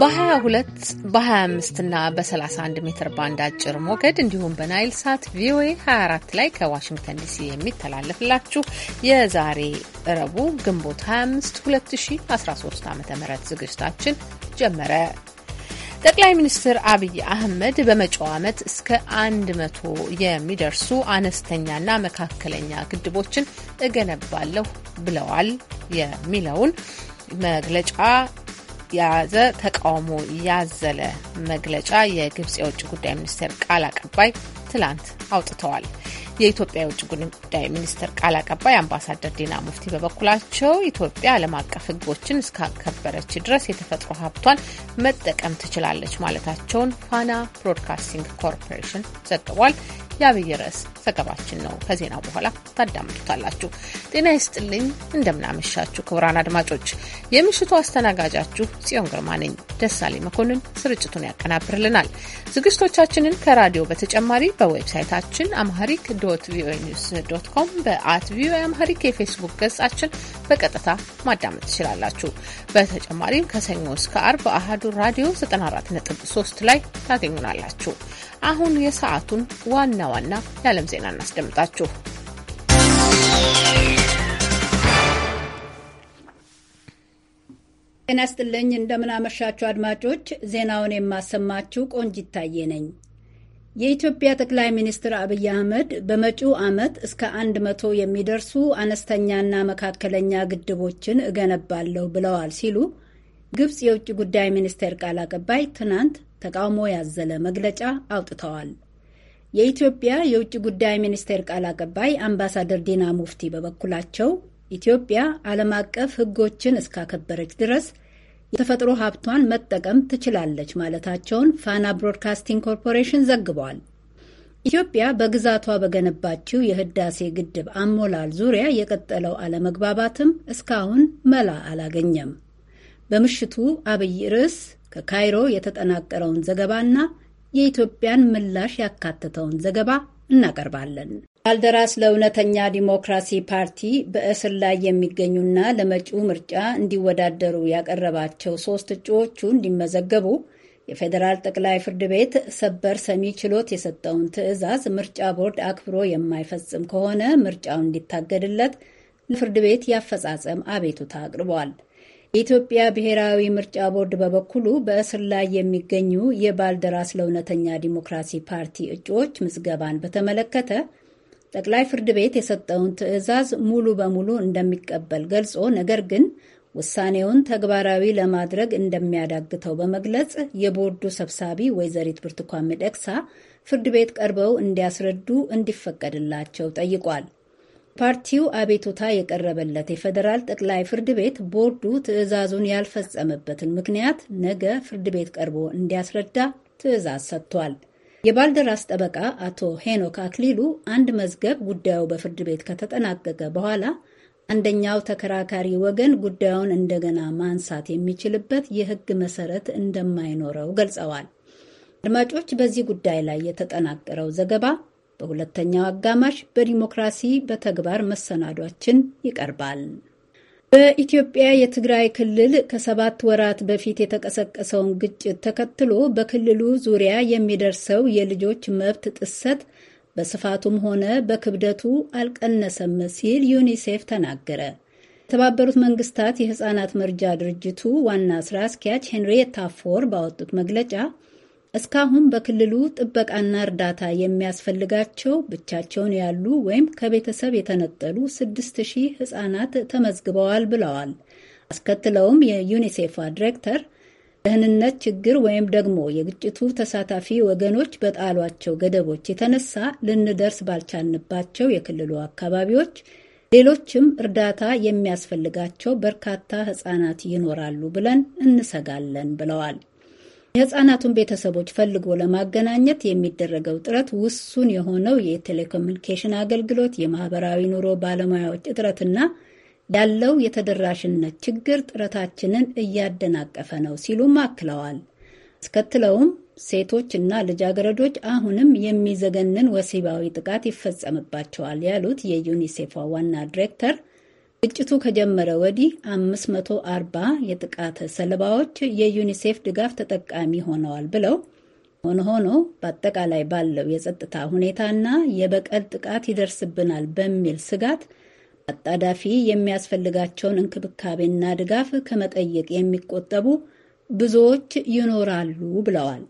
በ22 በ25 እና በ31 ሜትር ባንድ አጭር ሞገድ እንዲሁም በናይል ሳት ቪኦኤ 24 ላይ ከዋሽንግተን ዲሲ የሚተላለፍላችሁ የዛሬ ረቡ ግንቦት 25 2013 ዓ ም ዝግጅታችን ጀመረ። ጠቅላይ ሚኒስትር አብይ አህመድ በመጪው ዓመት እስከ 100 የሚደርሱ አነስተኛና መካከለኛ ግድቦችን እገነባለሁ ብለዋል የሚለውን መግለጫ የያዘ ተቃውሞ ያዘለ መግለጫ የግብጽ የውጭ ጉዳይ ሚኒስቴር ቃል አቀባይ ትላንት አውጥተዋል። የኢትዮጵያ የውጭ ጉዳይ ሚኒስቴር ቃል አቀባይ አምባሳደር ዲና ሙፍቲ በበኩላቸው ኢትዮጵያ ዓለም አቀፍ ሕጎችን እስካከበረች ድረስ የተፈጥሮ ሀብቷን መጠቀም ትችላለች ማለታቸውን ፋና ብሮድካስቲንግ ኮርፖሬሽን ዘግቧል። የአብይ ርዕስ ዘገባችን ነው። ከዜና በኋላ ታዳምጡታላችሁ። ጤና ይስጥልኝ፣ እንደምናመሻችሁ ክቡራን አድማጮች፣ የምሽቱ አስተናጋጃችሁ ጽዮን ግርማ ነኝ። ደሳሌ መኮንን ስርጭቱን ያቀናብርልናል። ዝግጅቶቻችንን ከራዲዮ በተጨማሪ በዌብሳይታችን አምሃሪክ ዶት ቪኦኤ ኒውስ ዶት ኮም፣ በአት ቪኦኤ አምሃሪክ የፌስቡክ ገጻችን በቀጥታ ማዳመጥ ትችላላችሁ። በተጨማሪም ከሰኞ እስከ አርብ አህዱ ራዲዮ 94.3 ላይ ታገኙናላችሁ። አሁን የሰዓቱን ዋና ዋና የዓለም ዜና እናስደምጣችሁ። ጤና ይስጥልኝ፣ እንደምናመሻችሁ አድማጮች። ዜናውን የማሰማችሁ ቆንጅ ይታየ ነኝ። የኢትዮጵያ ጠቅላይ ሚኒስትር አብይ አህመድ በመጪው ዓመት እስከ አንድ መቶ የሚደርሱ አነስተኛና መካከለኛ ግድቦችን እገነባለሁ ብለዋል ሲሉ ግብፅ የውጭ ጉዳይ ሚኒስቴር ቃል አቀባይ ትናንት ተቃውሞ ያዘለ መግለጫ አውጥተዋል። የኢትዮጵያ የውጭ ጉዳይ ሚኒስቴር ቃል አቀባይ አምባሳደር ዲና ሙፍቲ በበኩላቸው ኢትዮጵያ ዓለም አቀፍ ሕጎችን እስካከበረች ድረስ የተፈጥሮ ሀብቷን መጠቀም ትችላለች ማለታቸውን ፋና ብሮድካስቲንግ ኮርፖሬሽን ዘግቧል። ኢትዮጵያ በግዛቷ በገነባችው የህዳሴ ግድብ አሞላል ዙሪያ የቀጠለው አለመግባባትም እስካሁን መላ አላገኘም። በምሽቱ አብይ ርዕስ ከካይሮ የተጠናቀረውን ዘገባና የኢትዮጵያን ምላሽ ያካተተውን ዘገባ እናቀርባለን። ባልደራስ ለእውነተኛ ዲሞክራሲ ፓርቲ በእስር ላይ የሚገኙና ለመጪው ምርጫ እንዲወዳደሩ ያቀረባቸው ሶስት እጩዎቹ እንዲመዘገቡ የፌዴራል ጠቅላይ ፍርድ ቤት ሰበር ሰሚ ችሎት የሰጠውን ትዕዛዝ ምርጫ ቦርድ አክብሮ የማይፈጽም ከሆነ ምርጫው እንዲታገድለት ለፍርድ ቤት ያፈጻጸም አቤቱታ አቅርቧል። የኢትዮጵያ ብሔራዊ ምርጫ ቦርድ በበኩሉ በእስር ላይ የሚገኙ የባልደራስ ለእውነተኛ ዲሞክራሲ ፓርቲ እጩዎች ምዝገባን በተመለከተ ጠቅላይ ፍርድ ቤት የሰጠውን ትዕዛዝ ሙሉ በሙሉ እንደሚቀበል ገልጾ ነገር ግን ውሳኔውን ተግባራዊ ለማድረግ እንደሚያዳግተው በመግለጽ የቦርዱ ሰብሳቢ ወይዘሪት ብርቱካን ሚደቅሳ ፍርድ ቤት ቀርበው እንዲያስረዱ እንዲፈቀድላቸው ጠይቋል። ፓርቲው አቤቱታ የቀረበለት የፌዴራል ጠቅላይ ፍርድ ቤት ቦርዱ ትዕዛዙን ያልፈጸመበትን ምክንያት ነገ ፍርድ ቤት ቀርቦ እንዲያስረዳ ትዕዛዝ ሰጥቷል። የባልደራስ ጠበቃ አቶ ሄኖክ አክሊሉ አንድ መዝገብ ጉዳዩ በፍርድ ቤት ከተጠናቀቀ በኋላ አንደኛው ተከራካሪ ወገን ጉዳዩን እንደገና ማንሳት የሚችልበት የሕግ መሰረት እንደማይኖረው ገልጸዋል። አድማጮች፣ በዚህ ጉዳይ ላይ የተጠናቀረው ዘገባ በሁለተኛው አጋማሽ በዲሞክራሲ በተግባር መሰናዷችን ይቀርባል። በኢትዮጵያ የትግራይ ክልል ከሰባት ወራት በፊት የተቀሰቀሰውን ግጭት ተከትሎ በክልሉ ዙሪያ የሚደርሰው የልጆች መብት ጥሰት በስፋቱም ሆነ በክብደቱ አልቀነሰም ሲል ዩኒሴፍ ተናገረ። የተባበሩት መንግስታት የህፃናት መርጃ ድርጅቱ ዋና ስራ አስኪያጅ ሄንሪየታ ፎር ባወጡት መግለጫ እስካሁን በክልሉ ጥበቃና እርዳታ የሚያስፈልጋቸው ብቻቸውን ያሉ ወይም ከቤተሰብ የተነጠሉ ስድስት ሺህ ህጻናት ተመዝግበዋል ብለዋል። አስከትለውም የዩኒሴፍ ዲሬክተር ደህንነት ችግር ወይም ደግሞ የግጭቱ ተሳታፊ ወገኖች በጣሏቸው ገደቦች የተነሳ ልንደርስ ባልቻልንባቸው የክልሉ አካባቢዎች ሌሎችም እርዳታ የሚያስፈልጋቸው በርካታ ህጻናት ይኖራሉ ብለን እንሰጋለን ብለዋል። የህጻናቱን ቤተሰቦች ፈልጎ ለማገናኘት የሚደረገው ጥረት ውሱን የሆነው የቴሌኮሙኒኬሽን አገልግሎት፣ የማህበራዊ ኑሮ ባለሙያዎች እጥረትና ያለው የተደራሽነት ችግር ጥረታችንን እያደናቀፈ ነው ሲሉም አክለዋል። አስከትለውም ሴቶች እና ልጃገረዶች አሁንም የሚዘገንን ወሲባዊ ጥቃት ይፈጸምባቸዋል ያሉት የዩኒሴፏ ዋና ዲሬክተር ግጭቱ ከጀመረ ወዲህ 540 የጥቃት ሰለባዎች የዩኒሴፍ ድጋፍ ተጠቃሚ ሆነዋል ብለው ሆነ ሆኖ በአጠቃላይ ባለው የጸጥታ ሁኔታና የበቀል ጥቃት ይደርስብናል በሚል ስጋት አጣዳፊ የሚያስፈልጋቸውን እንክብካቤና ድጋፍ ከመጠየቅ የሚቆጠቡ ብዙዎች ይኖራሉ ብለዋል።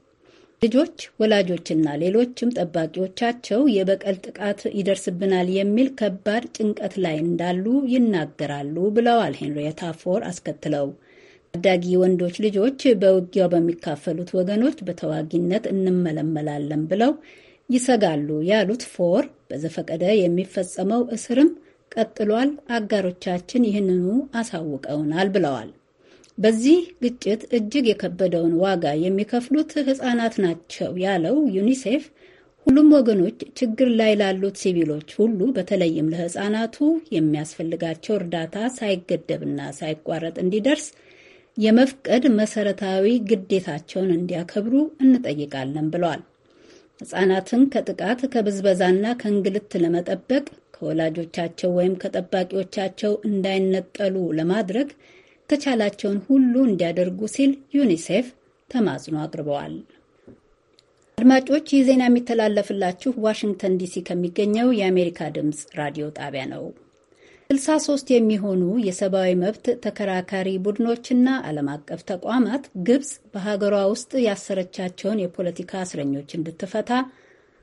ልጆች፣ ወላጆችና ሌሎችም ጠባቂዎቻቸው የበቀል ጥቃት ይደርስብናል የሚል ከባድ ጭንቀት ላይ እንዳሉ ይናገራሉ ብለዋል ሄንሪየታ ፎር አስከትለው። ታዳጊ ወንዶች ልጆች በውጊያው በሚካፈሉት ወገኖች በተዋጊነት እንመለመላለን ብለው ይሰጋሉ ያሉት ፎር በዘፈቀደ የሚፈጸመው እስርም ቀጥሏል፣ አጋሮቻችን ይህንኑ አሳውቀውናል ብለዋል። በዚህ ግጭት እጅግ የከበደውን ዋጋ የሚከፍሉት ህጻናት ናቸው ያለው ዩኒሴፍ ሁሉም ወገኖች ችግር ላይ ላሉት ሲቪሎች ሁሉ በተለይም ለህጻናቱ የሚያስፈልጋቸው እርዳታ ሳይገደብና ሳይቋረጥ እንዲደርስ የመፍቀድ መሰረታዊ ግዴታቸውን እንዲያከብሩ እንጠይቃለን ብለዋል። ህጻናትን ከጥቃት ከብዝበዛና ከእንግልት ለመጠበቅ ከወላጆቻቸው ወይም ከጠባቂዎቻቸው እንዳይነጠሉ ለማድረግ የተቻላቸውን ሁሉ እንዲያደርጉ ሲል ዩኒሴፍ ተማጽኖ አቅርበዋል። አድማጮች ይህ ዜና የሚተላለፍላችሁ ዋሽንግተን ዲሲ ከሚገኘው የአሜሪካ ድምፅ ራዲዮ ጣቢያ ነው። 63 የሚሆኑ የሰብአዊ መብት ተከራካሪ ቡድኖችና ዓለም አቀፍ ተቋማት ግብፅ በሀገሯ ውስጥ ያሰረቻቸውን የፖለቲካ እስረኞች እንድትፈታ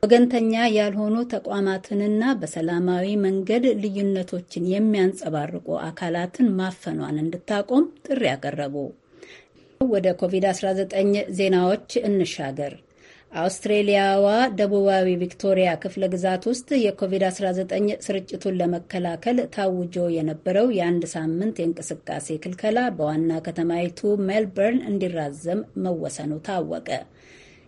ወገንተኛ ያልሆኑ ተቋማትንና በሰላማዊ መንገድ ልዩነቶችን የሚያንጸባርቁ አካላትን ማፈኗን እንድታቆም ጥሪ ያቀረቡ። ወደ ኮቪድ-19 ዜናዎች እንሻገር። አውስትሬሊያዋ ደቡባዊ ቪክቶሪያ ክፍለ ግዛት ውስጥ የኮቪድ-19 ስርጭቱን ለመከላከል ታውጆ የነበረው የአንድ ሳምንት የእንቅስቃሴ ክልከላ በዋና ከተማይቱ ሜልበርን እንዲራዘም መወሰኑ ታወቀ።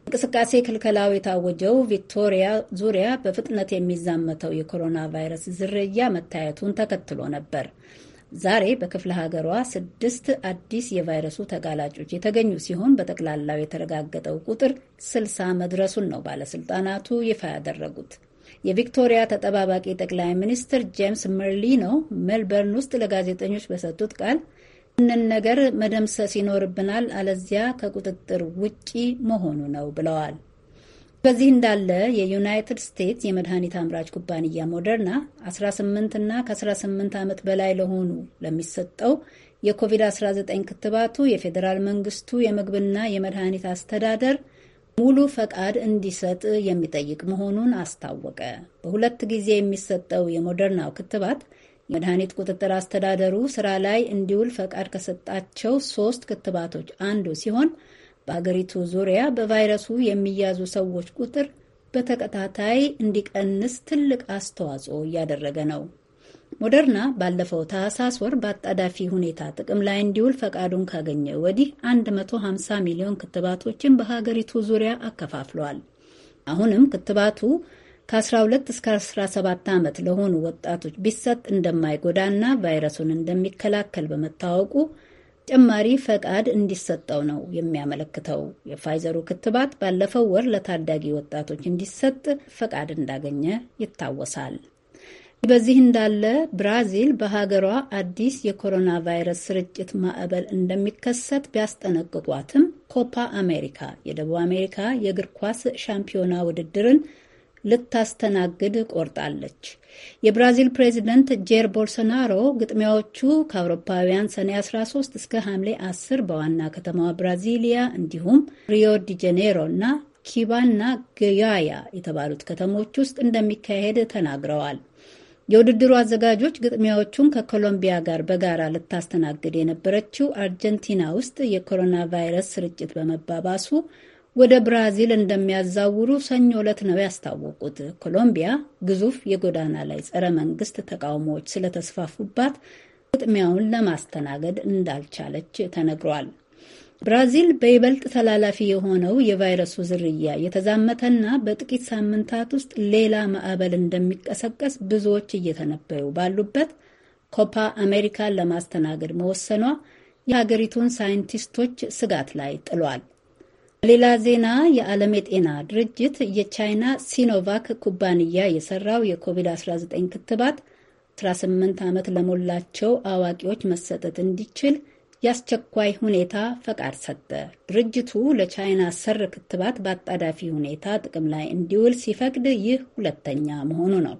እንቅስቃሴ ክልከላው የታወጀው ቪክቶሪያ ዙሪያ በፍጥነት የሚዛመተው የኮሮና ቫይረስ ዝርያ መታየቱን ተከትሎ ነበር። ዛሬ በክፍለ ሀገሯ ስድስት አዲስ የቫይረሱ ተጋላጮች የተገኙ ሲሆን በጠቅላላው የተረጋገጠው ቁጥር ስልሳ መድረሱን ነው ባለስልጣናቱ ይፋ ያደረጉት። የቪክቶሪያ ተጠባባቂ ጠቅላይ ሚኒስትር ጄምስ መርሊ ነው። ሜልበርን ውስጥ ለጋዜጠኞች በሰጡት ቃል ይህንን ነገር መደምሰስ ይኖርብናል፣ አለዚያ ከቁጥጥር ውጪ መሆኑ ነው ብለዋል። በዚህ እንዳለ የዩናይትድ ስቴትስ የመድኃኒት አምራች ኩባንያ ሞደርና 18 እና ከ18 ዓመት በላይ ለሆኑ ለሚሰጠው የኮቪድ-19 ክትባቱ የፌዴራል መንግስቱ የምግብና የመድኃኒት አስተዳደር ሙሉ ፈቃድ እንዲሰጥ የሚጠይቅ መሆኑን አስታወቀ። በሁለት ጊዜ የሚሰጠው የሞደርናው ክትባት መድኃኒት ቁጥጥር አስተዳደሩ ስራ ላይ እንዲውል ፈቃድ ከሰጣቸው ሶስት ክትባቶች አንዱ ሲሆን በአገሪቱ ዙሪያ በቫይረሱ የሚያዙ ሰዎች ቁጥር በተከታታይ እንዲቀንስ ትልቅ አስተዋጽኦ እያደረገ ነው። ሞደርና ባለፈው ታህሳስ ወር በአጣዳፊ ሁኔታ ጥቅም ላይ እንዲውል ፈቃዱን ካገኘ ወዲህ 150 ሚሊዮን ክትባቶችን በሀገሪቱ ዙሪያ አከፋፍሏል። አሁንም ክትባቱ ከ12 እስከ 17 ዓመት ለሆኑ ወጣቶች ቢሰጥ እንደማይጎዳና ቫይረሱን እንደሚከላከል በመታወቁ ጨማሪ ፈቃድ እንዲሰጠው ነው የሚያመለክተው። የፋይዘሩ ክትባት ባለፈው ወር ለታዳጊ ወጣቶች እንዲሰጥ ፈቃድ እንዳገኘ ይታወሳል። በዚህ እንዳለ ብራዚል በሀገሯ አዲስ የኮሮና ቫይረስ ስርጭት ማዕበል እንደሚከሰት ቢያስጠነቅቋትም ኮፓ አሜሪካ የደቡብ አሜሪካ የእግር ኳስ ሻምፒዮና ውድድርን ልታስተናግድ ቆርጣለች። የብራዚል ፕሬዚደንት ጄር ቦልሶናሮ ግጥሚያዎቹ ከአውሮፓውያን ሰኔ 13 እስከ ሐምሌ 10 በዋና ከተማዋ ብራዚሊያ እንዲሁም ሪዮ ዲ ጄኔሮ እና ኪባና ገያያ የተባሉት ከተሞች ውስጥ እንደሚካሄድ ተናግረዋል። የውድድሩ አዘጋጆች ግጥሚያዎቹን ከኮሎምቢያ ጋር በጋራ ልታስተናግድ የነበረችው አርጀንቲና ውስጥ የኮሮና ቫይረስ ስርጭት በመባባሱ ወደ ብራዚል እንደሚያዛውሩ ሰኞ ዕለት ነው ያስታወቁት። ኮሎምቢያ ግዙፍ የጎዳና ላይ ጸረ መንግስት ተቃውሞዎች ስለተስፋፉባት ግጥሚያውን ለማስተናገድ እንዳልቻለች ተነግሯል። ብራዚል በይበልጥ ተላላፊ የሆነው የቫይረሱ ዝርያ የተዛመተና በጥቂት ሳምንታት ውስጥ ሌላ ማዕበል እንደሚቀሰቀስ ብዙዎች እየተነበዩ ባሉበት ኮፓ አሜሪካን ለማስተናገድ መወሰኗ የሀገሪቱን ሳይንቲስቶች ስጋት ላይ ጥሏል። ሌላ ዜና የዓለም የጤና ድርጅት የቻይና ሲኖቫክ ኩባንያ የሰራው የኮቪድ-19 ክትባት 18 ዓመት ለሞላቸው አዋቂዎች መሰጠት እንዲችል የአስቸኳይ ሁኔታ ፈቃድ ሰጠ። ድርጅቱ ለቻይና ሰር ክትባት በአጣዳፊ ሁኔታ ጥቅም ላይ እንዲውል ሲፈቅድ ይህ ሁለተኛ መሆኑ ነው።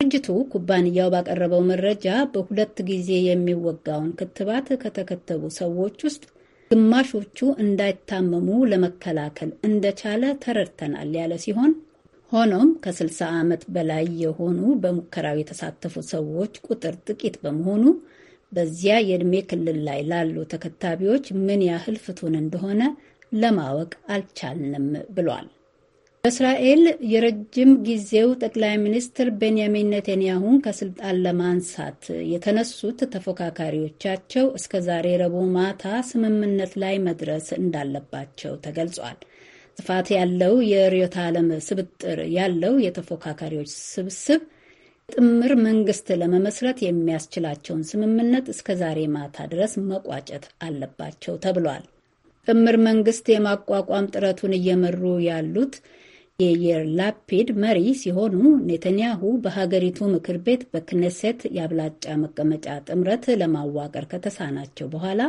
ድርጅቱ ኩባንያው ባቀረበው መረጃ በሁለት ጊዜ የሚወጋውን ክትባት ከተከተቡ ሰዎች ውስጥ ግማሾቹ እንዳይታመሙ ለመከላከል እንደቻለ ተረድተናል ያለ ሲሆን ሆኖም ከ60 ዓመት በላይ የሆኑ በሙከራው የተሳተፉ ሰዎች ቁጥር ጥቂት በመሆኑ በዚያ የዕድሜ ክልል ላይ ላሉ ተከታቢዎች ምን ያህል ፍቱን እንደሆነ ለማወቅ አልቻልንም ብሏል። በእስራኤል የረጅም ጊዜው ጠቅላይ ሚኒስትር ቤንያሚን ኔቴንያሁን ከስልጣን ለማንሳት የተነሱት ተፎካካሪዎቻቸው እስከ ዛሬ ረቡዕ ማታ ስምምነት ላይ መድረስ እንዳለባቸው ተገልጿል። ስፋት ያለው የርዕዮተ ዓለም ስብጥር ያለው የተፎካካሪዎች ስብስብ ጥምር መንግስት ለመመስረት የሚያስችላቸውን ስምምነት እስከ ዛሬ ማታ ድረስ መቋጨት አለባቸው ተብሏል። ጥምር መንግስት የማቋቋም ጥረቱን እየመሩ ያሉት የየርላፒድ መሪ ሲሆኑ ኔተንያሁ በሀገሪቱ ምክር ቤት በክነሴት የአብላጫ መቀመጫ ጥምረት ለማዋቀር ከተሳናቸው በኋላ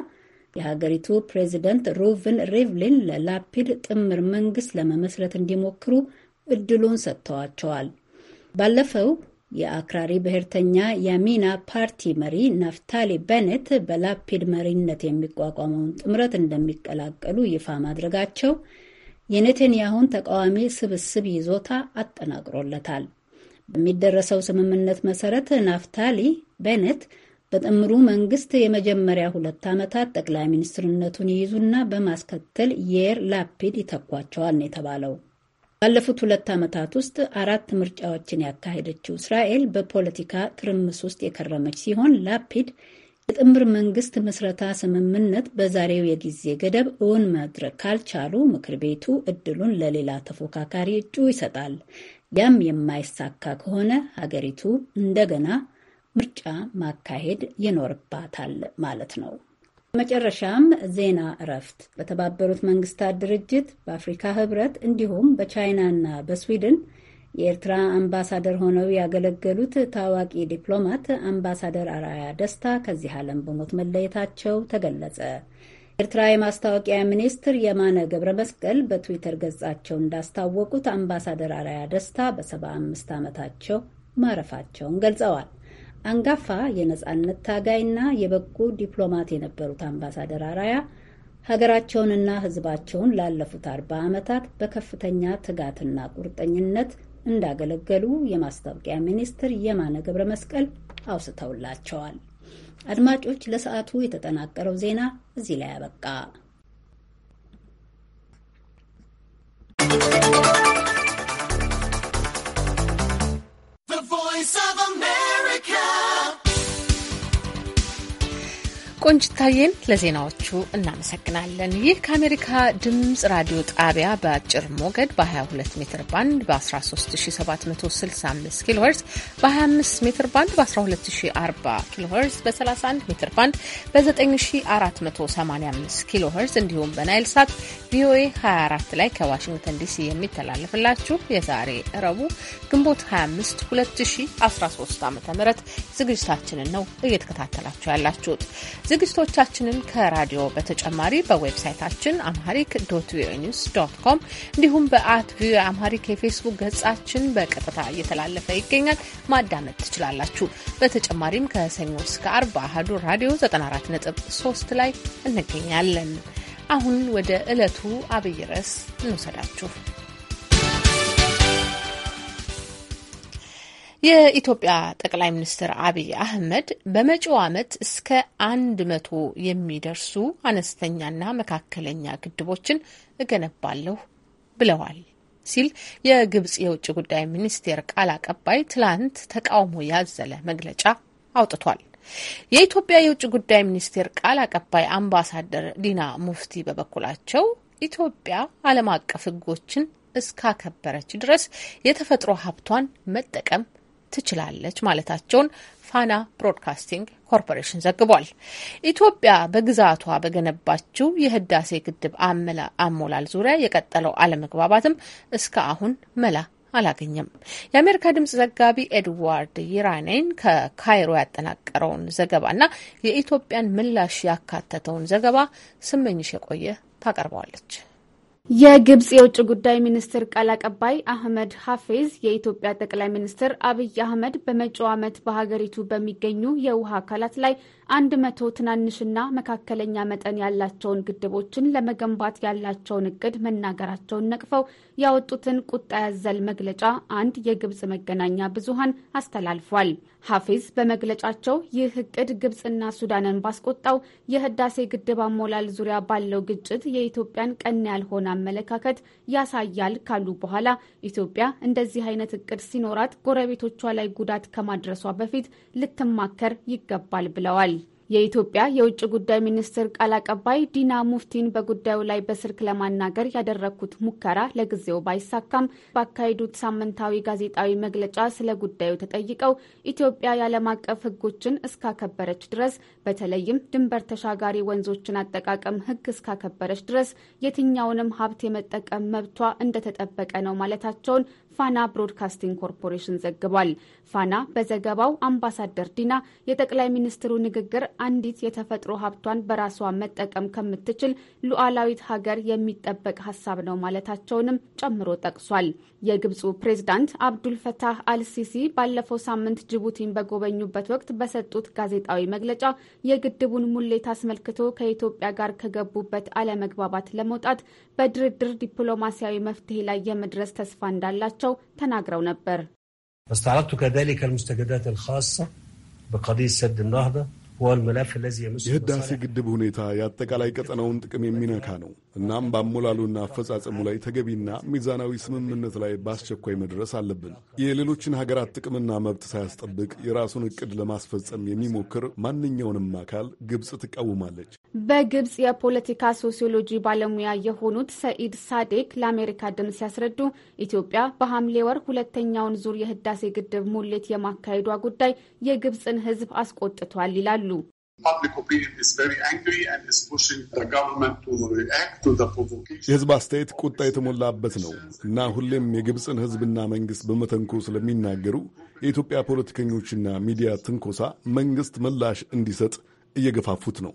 የሀገሪቱ ፕሬዚደንት ሩቭን ሪቭሊን ለላፒድ ጥምር መንግስት ለመመስረት እንዲሞክሩ እድሉን ሰጥተዋቸዋል። ባለፈው የአክራሪ ብሔርተኛ የሚና ፓርቲ መሪ ናፍታሊ በኔት በላፒድ መሪነት የሚቋቋመውን ጥምረት እንደሚቀላቀሉ ይፋ ማድረጋቸው የኔተንያሁን ተቃዋሚ ስብስብ ይዞታ አጠናቅሮለታል። በሚደረሰው ስምምነት መሰረት ናፍታሊ ቤነት በጥምሩ መንግስት የመጀመሪያ ሁለት ዓመታት ጠቅላይ ሚኒስትርነቱን ይይዙና በማስከተል የር ላፒድ ይተኳቸዋል ነው የተባለው። ባለፉት ሁለት ዓመታት ውስጥ አራት ምርጫዎችን ያካሄደችው እስራኤል በፖለቲካ ትርምስ ውስጥ የከረመች ሲሆን ላፒድ የጥምር መንግስት ምስረታ ስምምነት በዛሬው የጊዜ ገደብ እውን ማድረግ ካልቻሉ ምክር ቤቱ እድሉን ለሌላ ተፎካካሪ እጩ ይሰጣል። ያም የማይሳካ ከሆነ ሀገሪቱ እንደገና ምርጫ ማካሄድ ይኖርባታል ማለት ነው። መጨረሻም ዜና እረፍት። በተባበሩት መንግስታት ድርጅት፣ በአፍሪካ ህብረት እንዲሁም በቻይናና በስዊድን የኤርትራ አምባሳደር ሆነው ያገለገሉት ታዋቂ ዲፕሎማት አምባሳደር አራያ ደስታ ከዚህ ዓለም በሞት መለየታቸው ተገለጸ። የኤርትራ የማስታወቂያ ሚኒስትር የማነ ገብረ መስቀል በትዊተር ገጻቸው እንዳስታወቁት አምባሳደር አራያ ደስታ በ75 ዓመታቸው ማረፋቸውን ገልጸዋል። አንጋፋ የነጻነት ታጋይና የበቁ ዲፕሎማት የነበሩት አምባሳደር አራያ ሀገራቸውንና ሕዝባቸውን ላለፉት አርባ ዓመታት በከፍተኛ ትጋትና ቁርጠኝነት እንዳገለገሉ የማስታወቂያ ሚኒስትር የማነ ገብረ መስቀል አውስተውላቸዋል። አድማጮች፣ ለሰዓቱ የተጠናቀረው ዜና እዚህ ላይ አበቃ። ቆንጅታዬን ለዜናዎቹ እናመሰግናለን። ይህ ከአሜሪካ ድምጽ ራዲዮ ጣቢያ በአጭር ሞገድ በ22 ሜትር ባንድ በ13765 ኪሎ ሄርዝ በ25 ሜትር ባንድ በ1240 ኪሎ ሄርዝ በ31 ሜትር ባንድ በ9485 ኪሎ ሄርዝ እንዲሁም በናይል ሳት ቪኦኤ 24 ላይ ከዋሽንግተን ዲሲ የሚተላለፍላችሁ የዛሬ እረቡ ግንቦት 25 2013 ዓ ም ዝግጅታችንን ነው እየተከታተላችሁ ያላችሁት። ዝግጅቶቻችንን ከራዲዮ በተጨማሪ በዌብሳይታችን አምሃሪክ ዶት ቪኦኤ ኒውስ ዶት ኮም እንዲሁም በአት ቪኦኤ አምሃሪክ የፌስቡክ ገጻችን በቀጥታ እየተላለፈ ይገኛል። ማዳመጥ ትችላላችሁ። በተጨማሪም ከሰኞ እስከ አርብ አህዱ ራዲዮ 94.3 ላይ እንገኛለን። አሁን ወደ ዕለቱ አብይ ርዕስ እንውሰዳችሁ። የኢትዮጵያ ጠቅላይ ሚኒስትር አብይ አህመድ በመጪው ዓመት እስከ አንድ መቶ የሚደርሱ አነስተኛና መካከለኛ ግድቦችን እገነባለሁ ብለዋል ሲል የግብጽ የውጭ ጉዳይ ሚኒስቴር ቃል አቀባይ ትላንት ተቃውሞ ያዘለ መግለጫ አውጥቷል። የኢትዮጵያ የውጭ ጉዳይ ሚኒስቴር ቃል አቀባይ አምባሳደር ዲና ሙፍቲ በበኩላቸው ኢትዮጵያ ዓለም አቀፍ ሕጎችን እስካከበረች ድረስ የተፈጥሮ ሀብቷን መጠቀም ትችላለች ማለታቸውን ፋና ብሮድካስቲንግ ኮርፖሬሽን ዘግቧል። ኢትዮጵያ በግዛቷ በገነባችው የህዳሴ ግድብ አሞላል ዙሪያ የቀጠለው አለመግባባትም እስከ አሁን መላ አላገኘም። የአሜሪካ ድምጽ ዘጋቢ ኤድዋርድ ይራኔን ከካይሮ ያጠናቀረውን ዘገባና የኢትዮጵያን ምላሽ ያካተተውን ዘገባ ስመኝሽ የቆየ ታቀርበዋለች። የግብጽ የውጭ ጉዳይ ሚኒስትር ቃል አቀባይ አህመድ ሐፌዝ የኢትዮጵያ ጠቅላይ ሚኒስትር አብይ አህመድ በመጪው ዓመት በሀገሪቱ በሚገኙ የውሃ አካላት ላይ አንድ መቶ ትናንሽና መካከለኛ መጠን ያላቸውን ግድቦችን ለመገንባት ያላቸውን እቅድ መናገራቸውን ነቅፈው ያወጡትን ቁጣ ያዘል መግለጫ አንድ የግብጽ መገናኛ ብዙሃን አስተላልፏል። ሐፊዝ በመግለጫቸው ይህ እቅድ ግብፅና ሱዳንን ባስቆጣው የህዳሴ ግድብ አሞላል ዙሪያ ባለው ግጭት የኢትዮጵያን ቀን ያልሆነ አመለካከት ያሳያል ካሉ በኋላ ኢትዮጵያ እንደዚህ አይነት እቅድ ሲኖራት ጎረቤቶቿ ላይ ጉዳት ከማድረሷ በፊት ልትማከር ይገባል ብለዋል። የኢትዮጵያ የውጭ ጉዳይ ሚኒስትር ቃል አቀባይ ዲና ሙፍቲን በጉዳዩ ላይ በስልክ ለማናገር ያደረግኩት ሙከራ ለጊዜው ባይሳካም ባካሄዱት ሳምንታዊ ጋዜጣዊ መግለጫ ስለ ጉዳዩ ተጠይቀው ኢትዮጵያ የዓለም አቀፍ ሕጎችን እስካከበረች ድረስ በተለይም ድንበር ተሻጋሪ ወንዞችን አጠቃቀም ሕግ እስካከበረች ድረስ የትኛውንም ሀብት የመጠቀም መብቷ እንደተጠበቀ ነው ማለታቸውን ፋና ብሮድካስቲንግ ኮርፖሬሽን ዘግቧል። ፋና በዘገባው አምባሳደር ዲና የጠቅላይ ሚኒስትሩ ንግግር አንዲት የተፈጥሮ ሀብቷን በራሷ መጠቀም ከምትችል ሉዓላዊት ሀገር የሚጠበቅ ሀሳብ ነው ማለታቸውንም ጨምሮ ጠቅሷል። የግብፁ ፕሬዝዳንት አብዱልፈታህ አልሲሲ ባለፈው ሳምንት ጅቡቲን በጎበኙበት ወቅት በሰጡት ጋዜጣዊ መግለጫ የግድቡን ሙሌት አስመልክቶ ከኢትዮጵያ ጋር ከገቡበት አለመግባባት ለመውጣት በድርድር ዲፕሎማሲያዊ መፍትሄ ላይ የመድረስ ተስፋ እንዳላቸው መሆናቸው ተናግረው ነበር። استعرضت كذلك المستجدات الخاصة بقضية سد النهضة هو الملف الذي يمس የህዳሴ ግድብ ሁኔታ የአጠቃላይ ቀጠናውን ጥቅም የሚነካ ነው። እናም በአሞላሉና አፈጻጸሙ ላይ ተገቢና ሚዛናዊ ስምምነት ላይ በአስቸኳይ መድረስ አለብን። የሌሎችን ሀገራት ጥቅምና መብት ሳያስጠብቅ የራሱን እቅድ ለማስፈጸም የሚሞክር ማንኛውንም አካል ግብፅ ትቃወማለች። በግብፅ የፖለቲካ ሶሲዮሎጂ ባለሙያ የሆኑት ሰኢድ ሳዴክ ለአሜሪካ ድምፅ ሲያስረዱ ኢትዮጵያ በሐምሌ ወር ሁለተኛውን ዙር የህዳሴ ግድብ ሙሌት የማካሄዷ ጉዳይ የግብፅን ህዝብ አስቆጥቷል ይላሉ። የህዝብ አስተያየት ቁጣ የተሞላበት ነው እና ሁሌም የግብፅን ህዝብና መንግስት በመተንኮ ስለሚናገሩ የኢትዮጵያ ፖለቲከኞችና ሚዲያ ትንኮሳ መንግስት ምላሽ እንዲሰጥ እየገፋፉት ነው።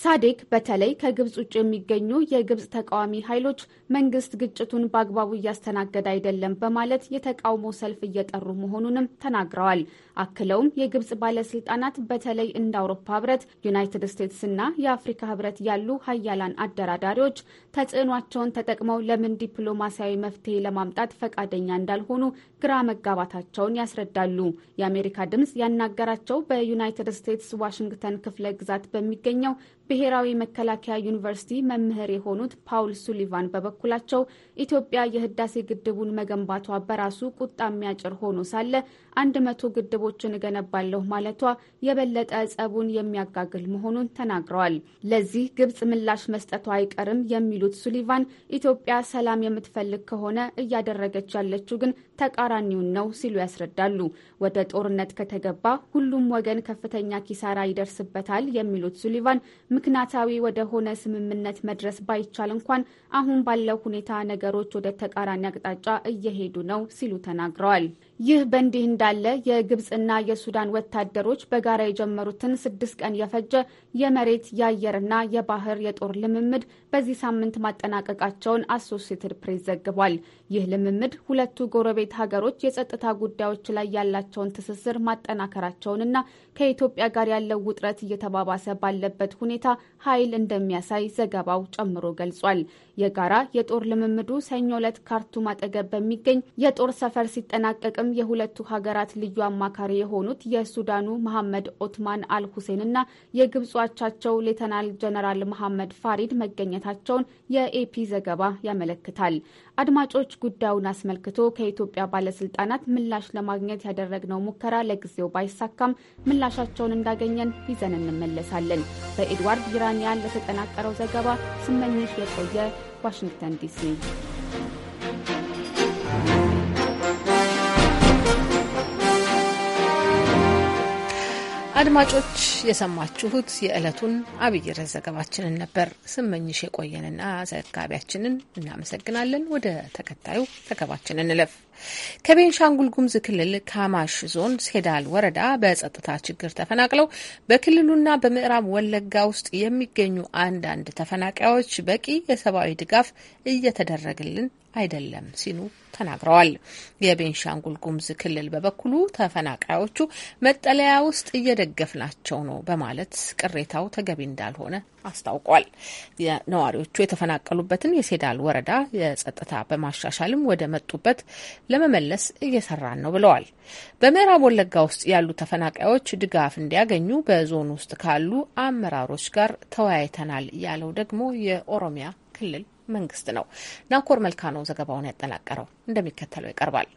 ሳዴክ በተለይ ከግብጽ ውጭ የሚገኙ የግብጽ ተቃዋሚ ኃይሎች መንግስት ግጭቱን በአግባቡ እያስተናገደ አይደለም በማለት የተቃውሞ ሰልፍ እየጠሩ መሆኑንም ተናግረዋል። አክለውም የግብጽ ባለስልጣናት በተለይ እንደ አውሮፓ ህብረት፣ ዩናይትድ እና የአፍሪካ ህብረት ያሉ ሀያላን አደራዳሪዎች ተጽዕኗቸውን ተጠቅመው ለምን ዲፕሎማሲያዊ መፍትሄ ለማምጣት ፈቃደኛ እንዳልሆኑ ግራ መጋባታቸውን ያስረዳሉ። የአሜሪካ ድምፅ ያናገራቸው በዩናይትድ ስቴትስ ዋሽንግተን ክፍለ ግዛት በሚገኘው ብሔራዊ መከላከያ ዩኒቨርሲቲ መምህር የሆኑት ፓውል ሱሊቫን በበኩላቸው ኢትዮጵያ የህዳሴ ግድቡን መገንባቷ በራሱ ቁጣ የሚያጭር ሆኖ ሳለ አንድ መቶ ግድቦችን እገነባለሁ ማለቷ የበለጠ ጸቡን የሚያጋግል መሆኑን ተናግረዋል። ለዚህ ግብጽ ምላሽ መስጠቷ አይቀርም የሚሉት ሱሊቫን ኢትዮጵያ ሰላም የምትፈልግ ከሆነ እያደረገች ያለችው ግን ተቃራኒውን ነው ሲሉ ያስረዳሉ። ወደ ጦርነት ከተገባ ሁሉም ወገን ከፍተኛ ኪሳራ ይደርስበታል የሚሉት ሱሊቫን ምክንያታዊ ወደ ሆነ ስምምነት መድረስ ባይቻል እንኳን አሁን ባለው ሁኔታ ነገሮች ወደ ተቃራኒ አቅጣጫ እየሄዱ ነው ሲሉ ተናግረዋል። ይህ በእንዲህ እንዳለ የግብፅና የሱዳን ወታደሮች በጋራ የጀመሩትን ስድስት ቀን የፈጀ የመሬት የአየርና የባህር የጦር ልምምድ በዚህ ሳምንት ማጠናቀቃቸውን አሶሲትድ ፕሬስ ዘግቧል። ይህ ልምምድ ሁለቱ ጎረቤት ሀገሮች የጸጥታ ጉዳዮች ላይ ያላቸውን ትስስር ማጠናከራቸውንና ከኢትዮጵያ ጋር ያለው ውጥረት እየተባባሰ ባለበት ሁኔታ ኃይል እንደሚያሳይ ዘገባው ጨምሮ ገልጿል። የጋራ የጦር ልምምዱ ሰኞ ዕለት ካርቱም አጠገብ በሚገኝ የጦር ሰፈር ሲጠናቀቅም የሁለቱ ሀገራት ልዩ አማካሪ የሆኑት የሱዳኑ መሐመድ ኦትማን አል እና የግብፁ አቻቸው ሌተናል ጀነራል መሐመድ ፋሪድ መገኘታቸውን የኤፒ ዘገባ ያመለክታል። አድማጮች ጉዳዩን አስመልክቶ ከኢትዮጵያ ባለስልጣናት ምላሽ ለማግኘት ያደረግነው ሙከራ ለጊዜው ባይሳካም ምላሻቸውን እንዳገኘን ይዘን እንመለሳለን። በኤድዋርድ ይራኒያን ለተጠናቀረው ዘገባ ስመኝሽ የቆየ ዋሽንግተን ዲሲ አድማጮች የሰማችሁት የዕለቱን አብይ ርዕስ ዘገባችንን ነበር። ስመኝሽ የቆየንና ዘጋቢያችንን እናመሰግናለን። ወደ ተከታዩ ዘገባችን እንለፍ። ከቤንሻንጉል ጉሙዝ ክልል ካማሽ ዞን ሴዳል ወረዳ በጸጥታ ችግር ተፈናቅለው በክልሉና በምዕራብ ወለጋ ውስጥ የሚገኙ አንዳንድ ተፈናቃዮች በቂ የሰብአዊ ድጋፍ እየተደረገልን አይደለም ሲሉ ተናግረዋል። የቤንሻንጉል ጉሙዝ ክልል በበኩሉ ተፈናቃዮቹ መጠለያ ውስጥ እየደገፍናቸው ነው በማለት ቅሬታው ተገቢ እንዳልሆነ አስታውቋል። ነዋሪዎቹ የተፈናቀሉበትን የሴዳል ወረዳ የጸጥታ በማሻሻልም ወደ መጡበት ለመመለስ እየሰራን ነው ብለዋል። በምዕራብ ወለጋ ውስጥ ያሉ ተፈናቃዮች ድጋፍ እንዲያገኙ በዞን ውስጥ ካሉ አመራሮች ጋር ተወያይተናል ያለው ደግሞ የኦሮሚያ ክልል መንግስት ነው። ናኮር መልካ ነው ዘገባውን ያጠናቀረው፣ እንደሚከተለው ይቀርባል።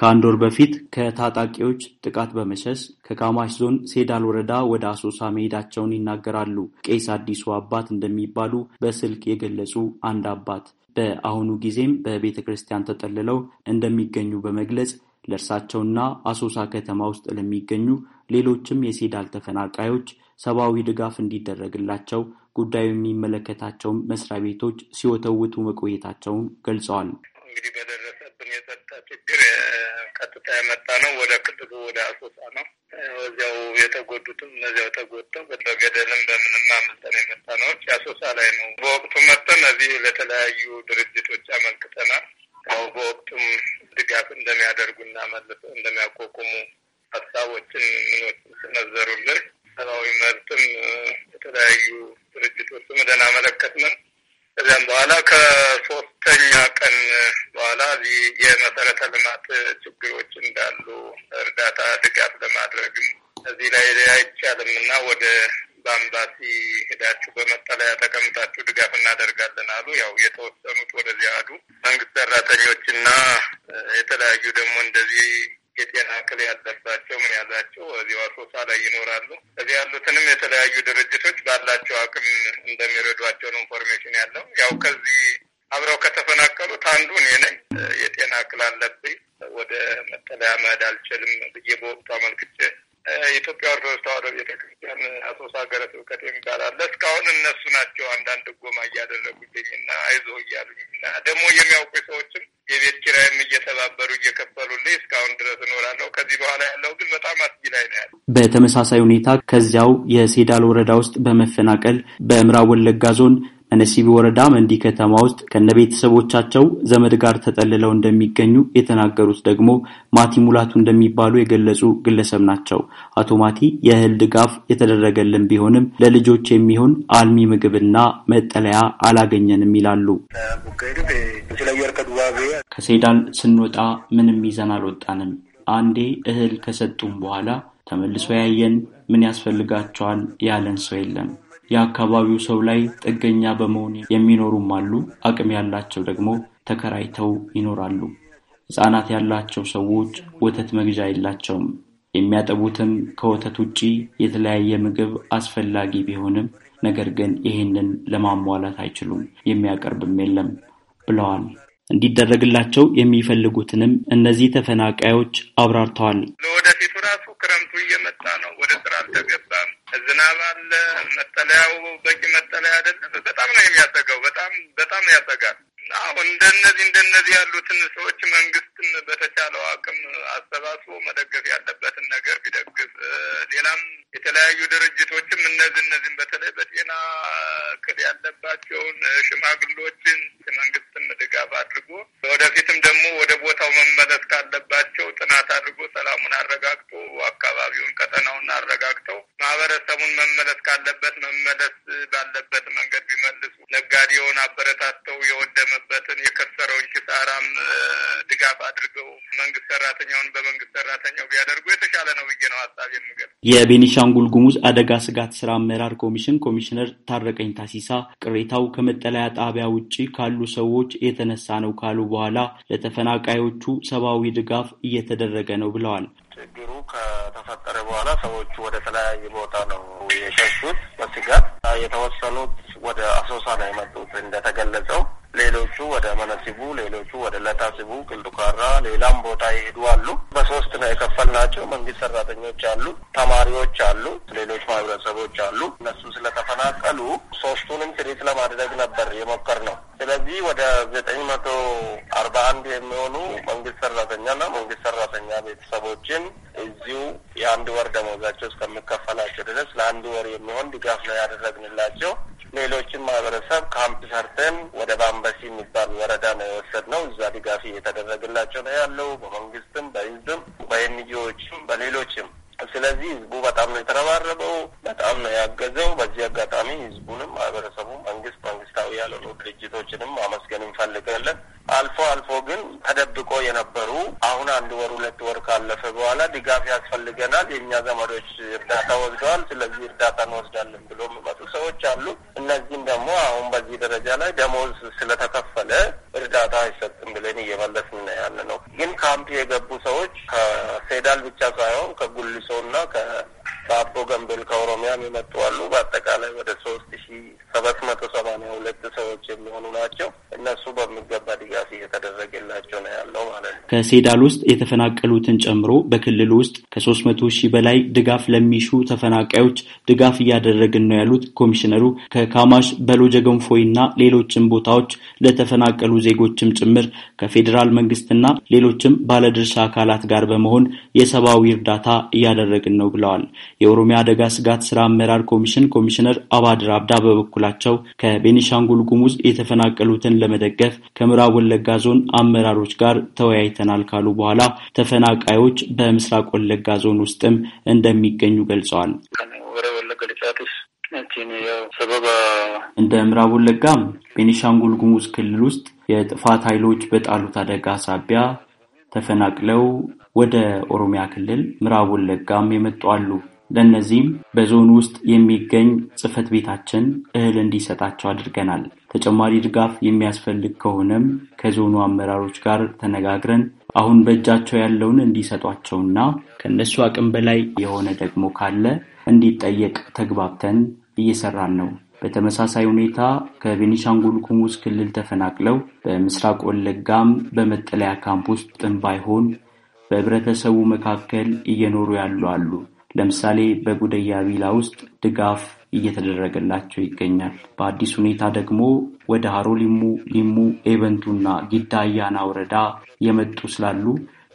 ከአንድ ወር በፊት ከታጣቂዎች ጥቃት በመሸሽ ከካማሽ ዞን ሴዳል ወረዳ ወደ አሶሳ መሄዳቸውን ይናገራሉ። ቄስ አዲሱ አባት እንደሚባሉ በስልክ የገለጹ አንድ አባት በአሁኑ ጊዜም በቤተ ክርስቲያን ተጠልለው እንደሚገኙ በመግለጽ ለእርሳቸውና አሶሳ ከተማ ውስጥ ለሚገኙ ሌሎችም የሴዳል ተፈናቃዮች ሰብአዊ ድጋፍ እንዲደረግላቸው ጉዳዩ የሚመለከታቸውን መስሪያ ቤቶች ሲወተውቱ መቆየታቸውን ገልጸዋል። እንግዲህ በደረሰብን የጸጥታ ችግር ቀጥታ የመጣ ነው ወደ ክልሉ ወደ አሶሳ ነው። እዚያው የተጎዱትም እነዚያው ተጎድተው በገደልም በምንም አመልጠን የመጣ ነዎች አሶሳ ላይ ነው። በወቅቱ መጠን እዚህ ለተለያዩ ድርጅቶች አመልክተናል። ያው በወቅቱም ድጋፍ እንደሚያደርጉና መልሰው እንደሚያቋቁሙ ሀሳቦችን ምኖች ስነዘሩልን ሰብአዊ መብትም የተለያዩ ድርጅቶች ምደን አመለከትንም። ከዚያም በኋላ ከሶስተኛ ቀን በኋላ የመሰረተ ልማት ችግሮች እንዳሉ እርዳታ ድጋፍ ለማድረግም እዚህ ላይ አይቻልም እና ወደ በአምባሲ ሄዳችሁ በመጠለያ ተቀምጣችሁ ድጋፍ እናደርጋለን አሉ። ያው የተወሰኑት ወደዚያ አዱ መንግስት ሰራተኞች ሰራተኞችና የተለያዩ ደግሞ እንደዚህ የጤና እክል ያለባቸው ምን ያላቸው እዚሁ አሶሳ ላይ ይኖራሉ። እዚህ ያሉትንም የተለያዩ ድርጅቶች ባላቸው አቅም እንደሚረዷቸውን ኢንፎርሜሽን ያለው ያው ከዚህ አብረው ከተፈናቀሉት አንዱ እኔ ነኝ። የጤና እክል አለብኝ፣ ወደ መጠለያ መሄድ አልችልም ብዬ በወቅቱ አመልክቼ የኢትዮጵያ ኦርቶዶክስ ተዋሕዶ ቤተክርስቲያን አሶሳ ሀገረ ስብከት የሚባል አለ። እስካሁን እነሱ ናቸው አንዳንድ ጎማ እያደረጉልኝ እና አይዞ እያሉኝ እና ደግሞ የሚያውቁ ሰዎችም የቤት ኪራይም እየተባበሩ እየከፈሉልኝ እስካሁን ድረስ እኖራለሁ። ከዚህ በኋላ ያለው ግን በጣም አስጊ ላይ ነው ያለ። በተመሳሳይ ሁኔታ ከዚያው የሴዳል ወረዳ ውስጥ በመፈናቀል በምዕራብ ወለጋ ዞን አነሲቢ ወረዳ መንዲ ከተማ ውስጥ ከነቤተሰቦቻቸው ዘመድ ጋር ተጠልለው እንደሚገኙ የተናገሩት ደግሞ ማቲ ሙላቱ እንደሚባሉ የገለጹ ግለሰብ ናቸው። አቶ ማቲ የእህል ድጋፍ የተደረገልን ቢሆንም ለልጆች የሚሆን አልሚ ምግብና መጠለያ አላገኘንም ይላሉ። ከሴዳል ስንወጣ ምንም ይዘን አልወጣንም። አንዴ እህል ከሰጡም በኋላ ተመልሶ ያየን ምን ያስፈልጋቸዋል ያለን ሰው የለም። የአካባቢው ሰው ላይ ጥገኛ በመሆን የሚኖሩም አሉ። አቅም ያላቸው ደግሞ ተከራይተው ይኖራሉ። ሕፃናት ያላቸው ሰዎች ወተት መግዣ የላቸውም። የሚያጠቡትም ከወተት ውጪ የተለያየ ምግብ አስፈላጊ ቢሆንም ነገር ግን ይህንን ለማሟላት አይችሉም፣ የሚያቀርብም የለም ብለዋል። እንዲደረግላቸው የሚፈልጉትንም እነዚህ ተፈናቃዮች አብራርተዋል። ለወደፊቱ ራሱ ክረምቱ እየመጣ ነው። ወደ ስራ አልተገባም። ዝናብ አለ። መጠለያው በቂ መጠለያ አይደለም። በጣም ነው የሚያሰጋው። በጣም በጣም ያሰጋል። አሁን እንደነዚህ እንደነዚህ ያሉትን ሰዎች መንግስትን በተቻለው አቅም አሰባስቦ መደገፍ ያለበትን ነገር ቢደግፍ ሌላም የተለያዩ ድርጅቶችም እነዚህ እነዚህም በተለይ በጤና እክል ያለባቸውን ሽማግሎችን የመንግስትም ድጋፍ አድርጎ ወደፊትም ደግሞ ወደ ቦታው መመለስ ካለባቸው ጥናት አድርጎ ሰላሙን አረጋግጦ አካባቢውን ቀጠናውን አረጋግተው ማህበረሰቡን መመለስ ካለበት መመለስ ባለበት መንገድ ቢመልሱ ነጋዴውን አበረታተው የወደመበትን የከሰረውን ኪሳራም ድጋፍ አድርገው መንግስት ሰራተኛውን በመንግስት ሰራተኛው ቢያደርጉ የቤኒሻንጉል ጉሙዝ አደጋ ስጋት ስራ አመራር ኮሚሽን ኮሚሽነር ታረቀኝ ታሲሳ ቅሬታው ከመጠለያ ጣቢያ ውጭ ካሉ ሰዎች የተነሳ ነው ካሉ በኋላ ለተፈናቃዮቹ ሰብአዊ ድጋፍ እየተደረገ ነው ብለዋል። ችግሩ ከተፈጠረ በኋላ ሰዎቹ ወደ ተለያየ ቦታ ነው የሸሹት። በስጋት የተወሰኑት ወደ አሶሳ ነው የመጡት እንደተገለጸው ሌሎቹ ወደ መነሲቡ፣ ሌሎቹ ወደ ለታሲቡ፣ ቅልዱካራ፣ ሌላም ቦታ ይሄዱ አሉ። በሶስት ነው የከፈልናቸው። መንግስት ሰራተኞች አሉ፣ ተማሪዎች አሉ፣ ሌሎች ማህበረሰቦች አሉ። እነሱ ስለተፈናቀሉ ሶስቱንም ትሪት ለማድረግ ነበር የሞከር ነው። ስለዚህ ወደ ዘጠኝ መቶ አርባ አንድ የሚሆኑ መንግስት ሰራተኛና መንግስት ሰራተኛ ቤተሰቦችን እዚሁ የአንድ ወር ደመወዛቸው እስከሚከፈላቸው ድረስ ለአንድ ወር የሚሆን ድጋፍ ነው ያደረግንላቸው። ሌሎችን ማህበረሰብ ካምፕ ሰርተን ወደ ባምበሲ የሚባል ወረዳ ነው የወሰድነው። እዛ ድጋፍ እየተደረገላቸው ነው ያለው በመንግስትም፣ በህዝብም፣ በኤንጂዎችም በሌሎችም። ስለዚህ ህዝቡ በጣም ነው የተረባረበው፣ በጣም ነው ያገዘው። በዚህ አጋጣሚ ህዝቡንም ማህበረሰቡ መንግስት መንግስታዊ ያልሆኑ ድርጅቶችንም አመስገን እንፈልጋለን። አልፎ አልፎ ግን ተደብቆ የነበሩ አሁን አንድ ወር ሁለት ወር ካለፈ በኋላ ድጋፍ ያስፈልገናል፣ የእኛ ዘመዶች እርዳታ ወስደዋል፣ ስለዚህ እርዳታ እንወስዳለን ብሎ የሚመጡ ሰዎች አሉ። እነዚህም ደግሞ አሁን በዚህ ደረጃ ላይ ደሞዝ ስለተከፈለ እርዳታ አይሰጥም ብለን እየመለስን ያለ ነው። ግን ካምፕ የገቡ ሰዎች ከሴዳል ብቻ ሳይሆን ከጉልሶ እና ከአቶ ገንቤል ከኦሮሚያም የመጡ አሉ። በአጠቃላይ ወደ ሶስት ሺ ሰባት መቶ ሰማኒያ ሁለት ሰዎች የሚሆኑ ናቸው። እነሱ በሚገባ ድጋፍ እየተደረገላቸው ነው ያለው ማለት ነው። ከሴዳል ውስጥ የተፈናቀሉትን ጨምሮ በክልል ውስጥ ከሶስት መቶ ሺህ በላይ ድጋፍ ለሚሹ ተፈናቃዮች ድጋፍ እያደረግን ነው ያሉት ኮሚሽነሩ ከካማሽ በሎጀገንፎይ እና ሌሎችም ቦታዎች ለተፈናቀሉ ዜጎችም ጭምር ከፌዴራል መንግስትና ሌሎችም ባለድርሻ አካላት ጋር በመሆን የሰብአዊ እርዳታ እያደረግን ነው ብለዋል። የኦሮሚያ አደጋ ስጋት ስራ አመራር ኮሚሽን ኮሚሽነር አባድር አብዳ በበኩላቸው ከቤኒሻንጉል ጉሙዝ የተፈናቀሉትን ለመደገፍ ከምዕራብ ወለጋ ዞን አመራሮች ጋር ተወያይተናል ካሉ በኋላ ተፈናቃዮች በምስራቅ ወለጋ ዞን ውስጥም እንደሚገኙ ገልጸዋል። እንደ ምዕራብ ወለጋም ቤኒሻንጉል ጉሙዝ ክልል ውስጥ የጥፋት ኃይሎች በጣሉት አደጋ ሳቢያ ተፈናቅለው ወደ ኦሮሚያ ክልል ምዕራብ ወለጋም የመጡ አሉ። ለእነዚህም በዞኑ ውስጥ የሚገኝ ጽፈት ቤታችን እህል እንዲሰጣቸው አድርገናል። ተጨማሪ ድጋፍ የሚያስፈልግ ከሆነም ከዞኑ አመራሮች ጋር ተነጋግረን አሁን በእጃቸው ያለውን እንዲሰጧቸውና ከእነሱ አቅም በላይ የሆነ ደግሞ ካለ እንዲጠየቅ ተግባብተን እየሰራን ነው። በተመሳሳይ ሁኔታ ከቤኒሻንጉል ጉሙዝ ክልል ተፈናቅለው በምስራቅ ወለጋም በመጠለያ ካምፕ ውስጥ ጥም ባይሆን በህብረተሰቡ መካከል እየኖሩ ያሉ አሉ። ለምሳሌ በጉደያ ቢላ ውስጥ ድጋፍ እየተደረገላቸው ይገኛል። በአዲስ ሁኔታ ደግሞ ወደ ሀሮ ሊሙ፣ ሊሙ፣ ኤበንቱና ጊዳ አያና ወረዳ የመጡ ስላሉ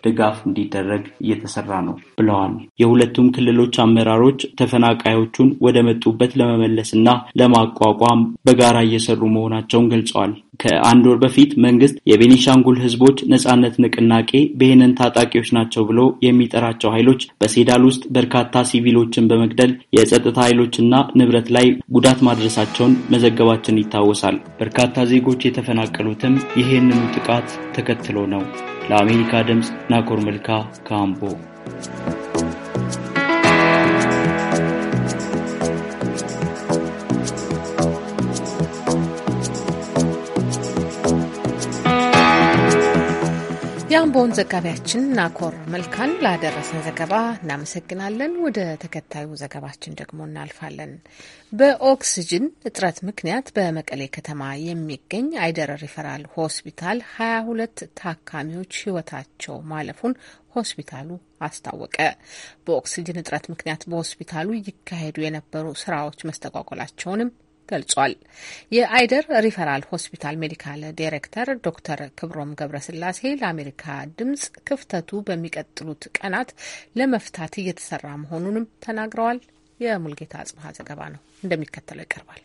ድጋፍ እንዲደረግ እየተሰራ ነው ብለዋል። የሁለቱም ክልሎች አመራሮች ተፈናቃዮቹን ወደ መጡበት ለመመለስና ለማቋቋም በጋራ እየሰሩ መሆናቸውን ገልጸዋል። ከአንድ ወር በፊት መንግስት የቤኒሻንጉል ህዝቦች ነጻነት ንቅናቄ ብሄንን ታጣቂዎች ናቸው ብሎ የሚጠራቸው ኃይሎች በሴዳል ውስጥ በርካታ ሲቪሎችን በመግደል የጸጥታ ኃይሎችና ንብረት ላይ ጉዳት ማድረሳቸውን መዘገባችን ይታወሳል። በርካታ ዜጎች የተፈናቀሉትም ይህንኑ ጥቃት ተከትሎ ነው። ለአሜሪካ ድምፅ ናኮር መልካ ካምቦ የአምቦውን ዘጋቢያችን ናኮር መልካን ላደረሰን ዘገባ እናመሰግናለን። ወደ ተከታዩ ዘገባችን ደግሞ እናልፋለን። በኦክስጅን እጥረት ምክንያት በመቀሌ ከተማ የሚገኝ አይደር ሪፈራል ሆስፒታል ሀያ ሁለት ታካሚዎች ህይወታቸው ማለፉን ሆስፒታሉ አስታወቀ። በኦክስጅን እጥረት ምክንያት በሆስፒታሉ ይካሄዱ የነበሩ ስራዎች መስተጓጎላቸውንም ገልጿል። የአይደር ሪፈራል ሆስፒታል ሜዲካል ዲሬክተር ዶክተር ክብሮም ገብረስላሴ ለአሜሪካ ድምጽ ክፍተቱ በሚቀጥሉት ቀናት ለመፍታት እየተሰራ መሆኑንም ተናግረዋል። የሙልጌታ አጽብሃ ዘገባ ነው እንደሚከተለው ይቀርባል።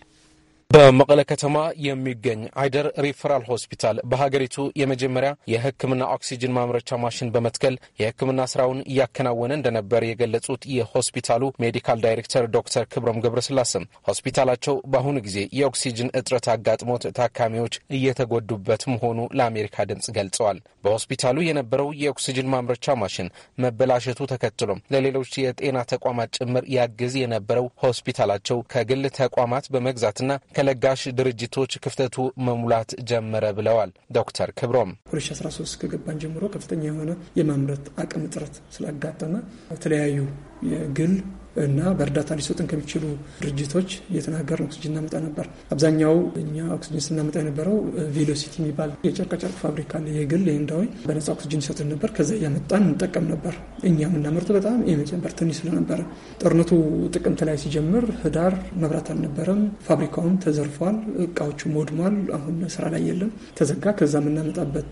በመቀለ ከተማ የሚገኝ አይደር ሪፈራል ሆስፒታል በሀገሪቱ የመጀመሪያ የሕክምና ኦክሲጅን ማምረቻ ማሽን በመትከል የሕክምና ስራውን እያከናወነ እንደነበር የገለጹት የሆስፒታሉ ሜዲካል ዳይሬክተር ዶክተር ክብረም ገብረስላሰም ሆስፒታላቸው በአሁኑ ጊዜ የኦክሲጅን እጥረት አጋጥሞት ታካሚዎች እየተጎዱበት መሆኑ ለአሜሪካ ድምፅ ገልጸዋል። በሆስፒታሉ የነበረው የኦክሲጅን ማምረቻ ማሽን መበላሸቱ ተከትሎም ለሌሎች የጤና ተቋማት ጭምር ያግዝ የነበረው ሆስፒታላቸው ከግል ተቋማት በመግዛትና ከለጋሽ ድርጅቶች ክፍተቱ መሙላት ጀመረ ብለዋል ዶክተር ክብሮም። 2013 ከገባን ጀምሮ ከፍተኛ የሆነ የማምረት አቅም እጥረት ስላጋጠመ የተለያዩ የግል እና በእርዳታ ሊሰጡን ከሚችሉ ድርጅቶች እየተናገርን ኦክሲጅን እናመጣ ነበር። አብዛኛው እኛ ኦክሲጅን ስናመጣ የነበረው ቬሎሲቲ የሚባል የጨርቃጨርቅ ፋብሪካ የግል እንዳዊ በነጻ ኦክሲጅን ይሰጡን ነበር። ከዛ እያመጣን እንጠቀም ነበር። እኛ የምናመርተው በጣም የመጨመር ትንሽ ስለነበረ ጦርነቱ ጥቅምት ላይ ሲጀምር ህዳር መብራት አልነበረም። ፋብሪካውም ተዘርፏል፣ እቃዎቹም ወድሟል። አሁን ስራ ላይ የለም፣ ተዘጋ። ከዛ የምናመጣበት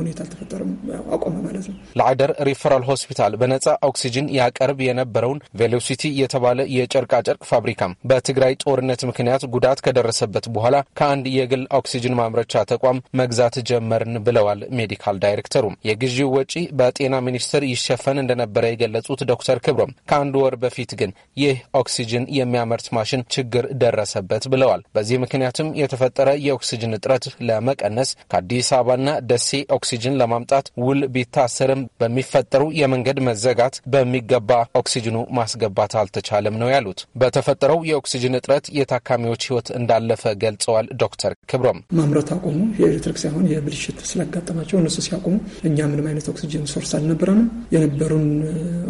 ሁኔታ አልተፈጠረም፣ አቆመ ማለት ነው። ለአደር ሪፈራል ሆስፒታል በነጻ ኦክሲጅን ያቀርብ የነበረውን ቬሎሲቲ የተባለ የጨርቃጨርቅ ፋብሪካ በትግራይ ጦርነት ምክንያት ጉዳት ከደረሰበት በኋላ ከአንድ የግል ኦክሲጅን ማምረቻ ተቋም መግዛት ጀመርን ብለዋል። ሜዲካል ዳይሬክተሩም የግዢው ወጪ በጤና ሚኒስቴር ይሸፈን እንደነበረ የገለጹት ዶክተር ክብሮም ከአንድ ወር በፊት ግን ይህ ኦክሲጅን የሚያመርት ማሽን ችግር ደረሰበት ብለዋል። በዚህ ምክንያትም የተፈጠረ የኦክሲጅን እጥረት ለመቀነስ ከአዲስ አበባና ደሴ ኦክሲጅን ለማምጣት ውል ቢታሰርም በሚፈጠሩ የመንገድ መዘጋት በሚገባ ኦክሲጅኑ ማስገባት መግባት አልተቻለም ነው ያሉት። በተፈጠረው የኦክሲጅን እጥረት የታካሚዎች ህይወት እንዳለፈ ገልጸዋል። ዶክተር ክብሮም ማምረት አቆሙ። የኤሌክትሪክ ሳይሆን የብልሽት ስላጋጠማቸው እነሱ ሲያቆሙ እኛ ምንም አይነት ኦክሲጅን ሶርስ አልነበረንም። የነበሩን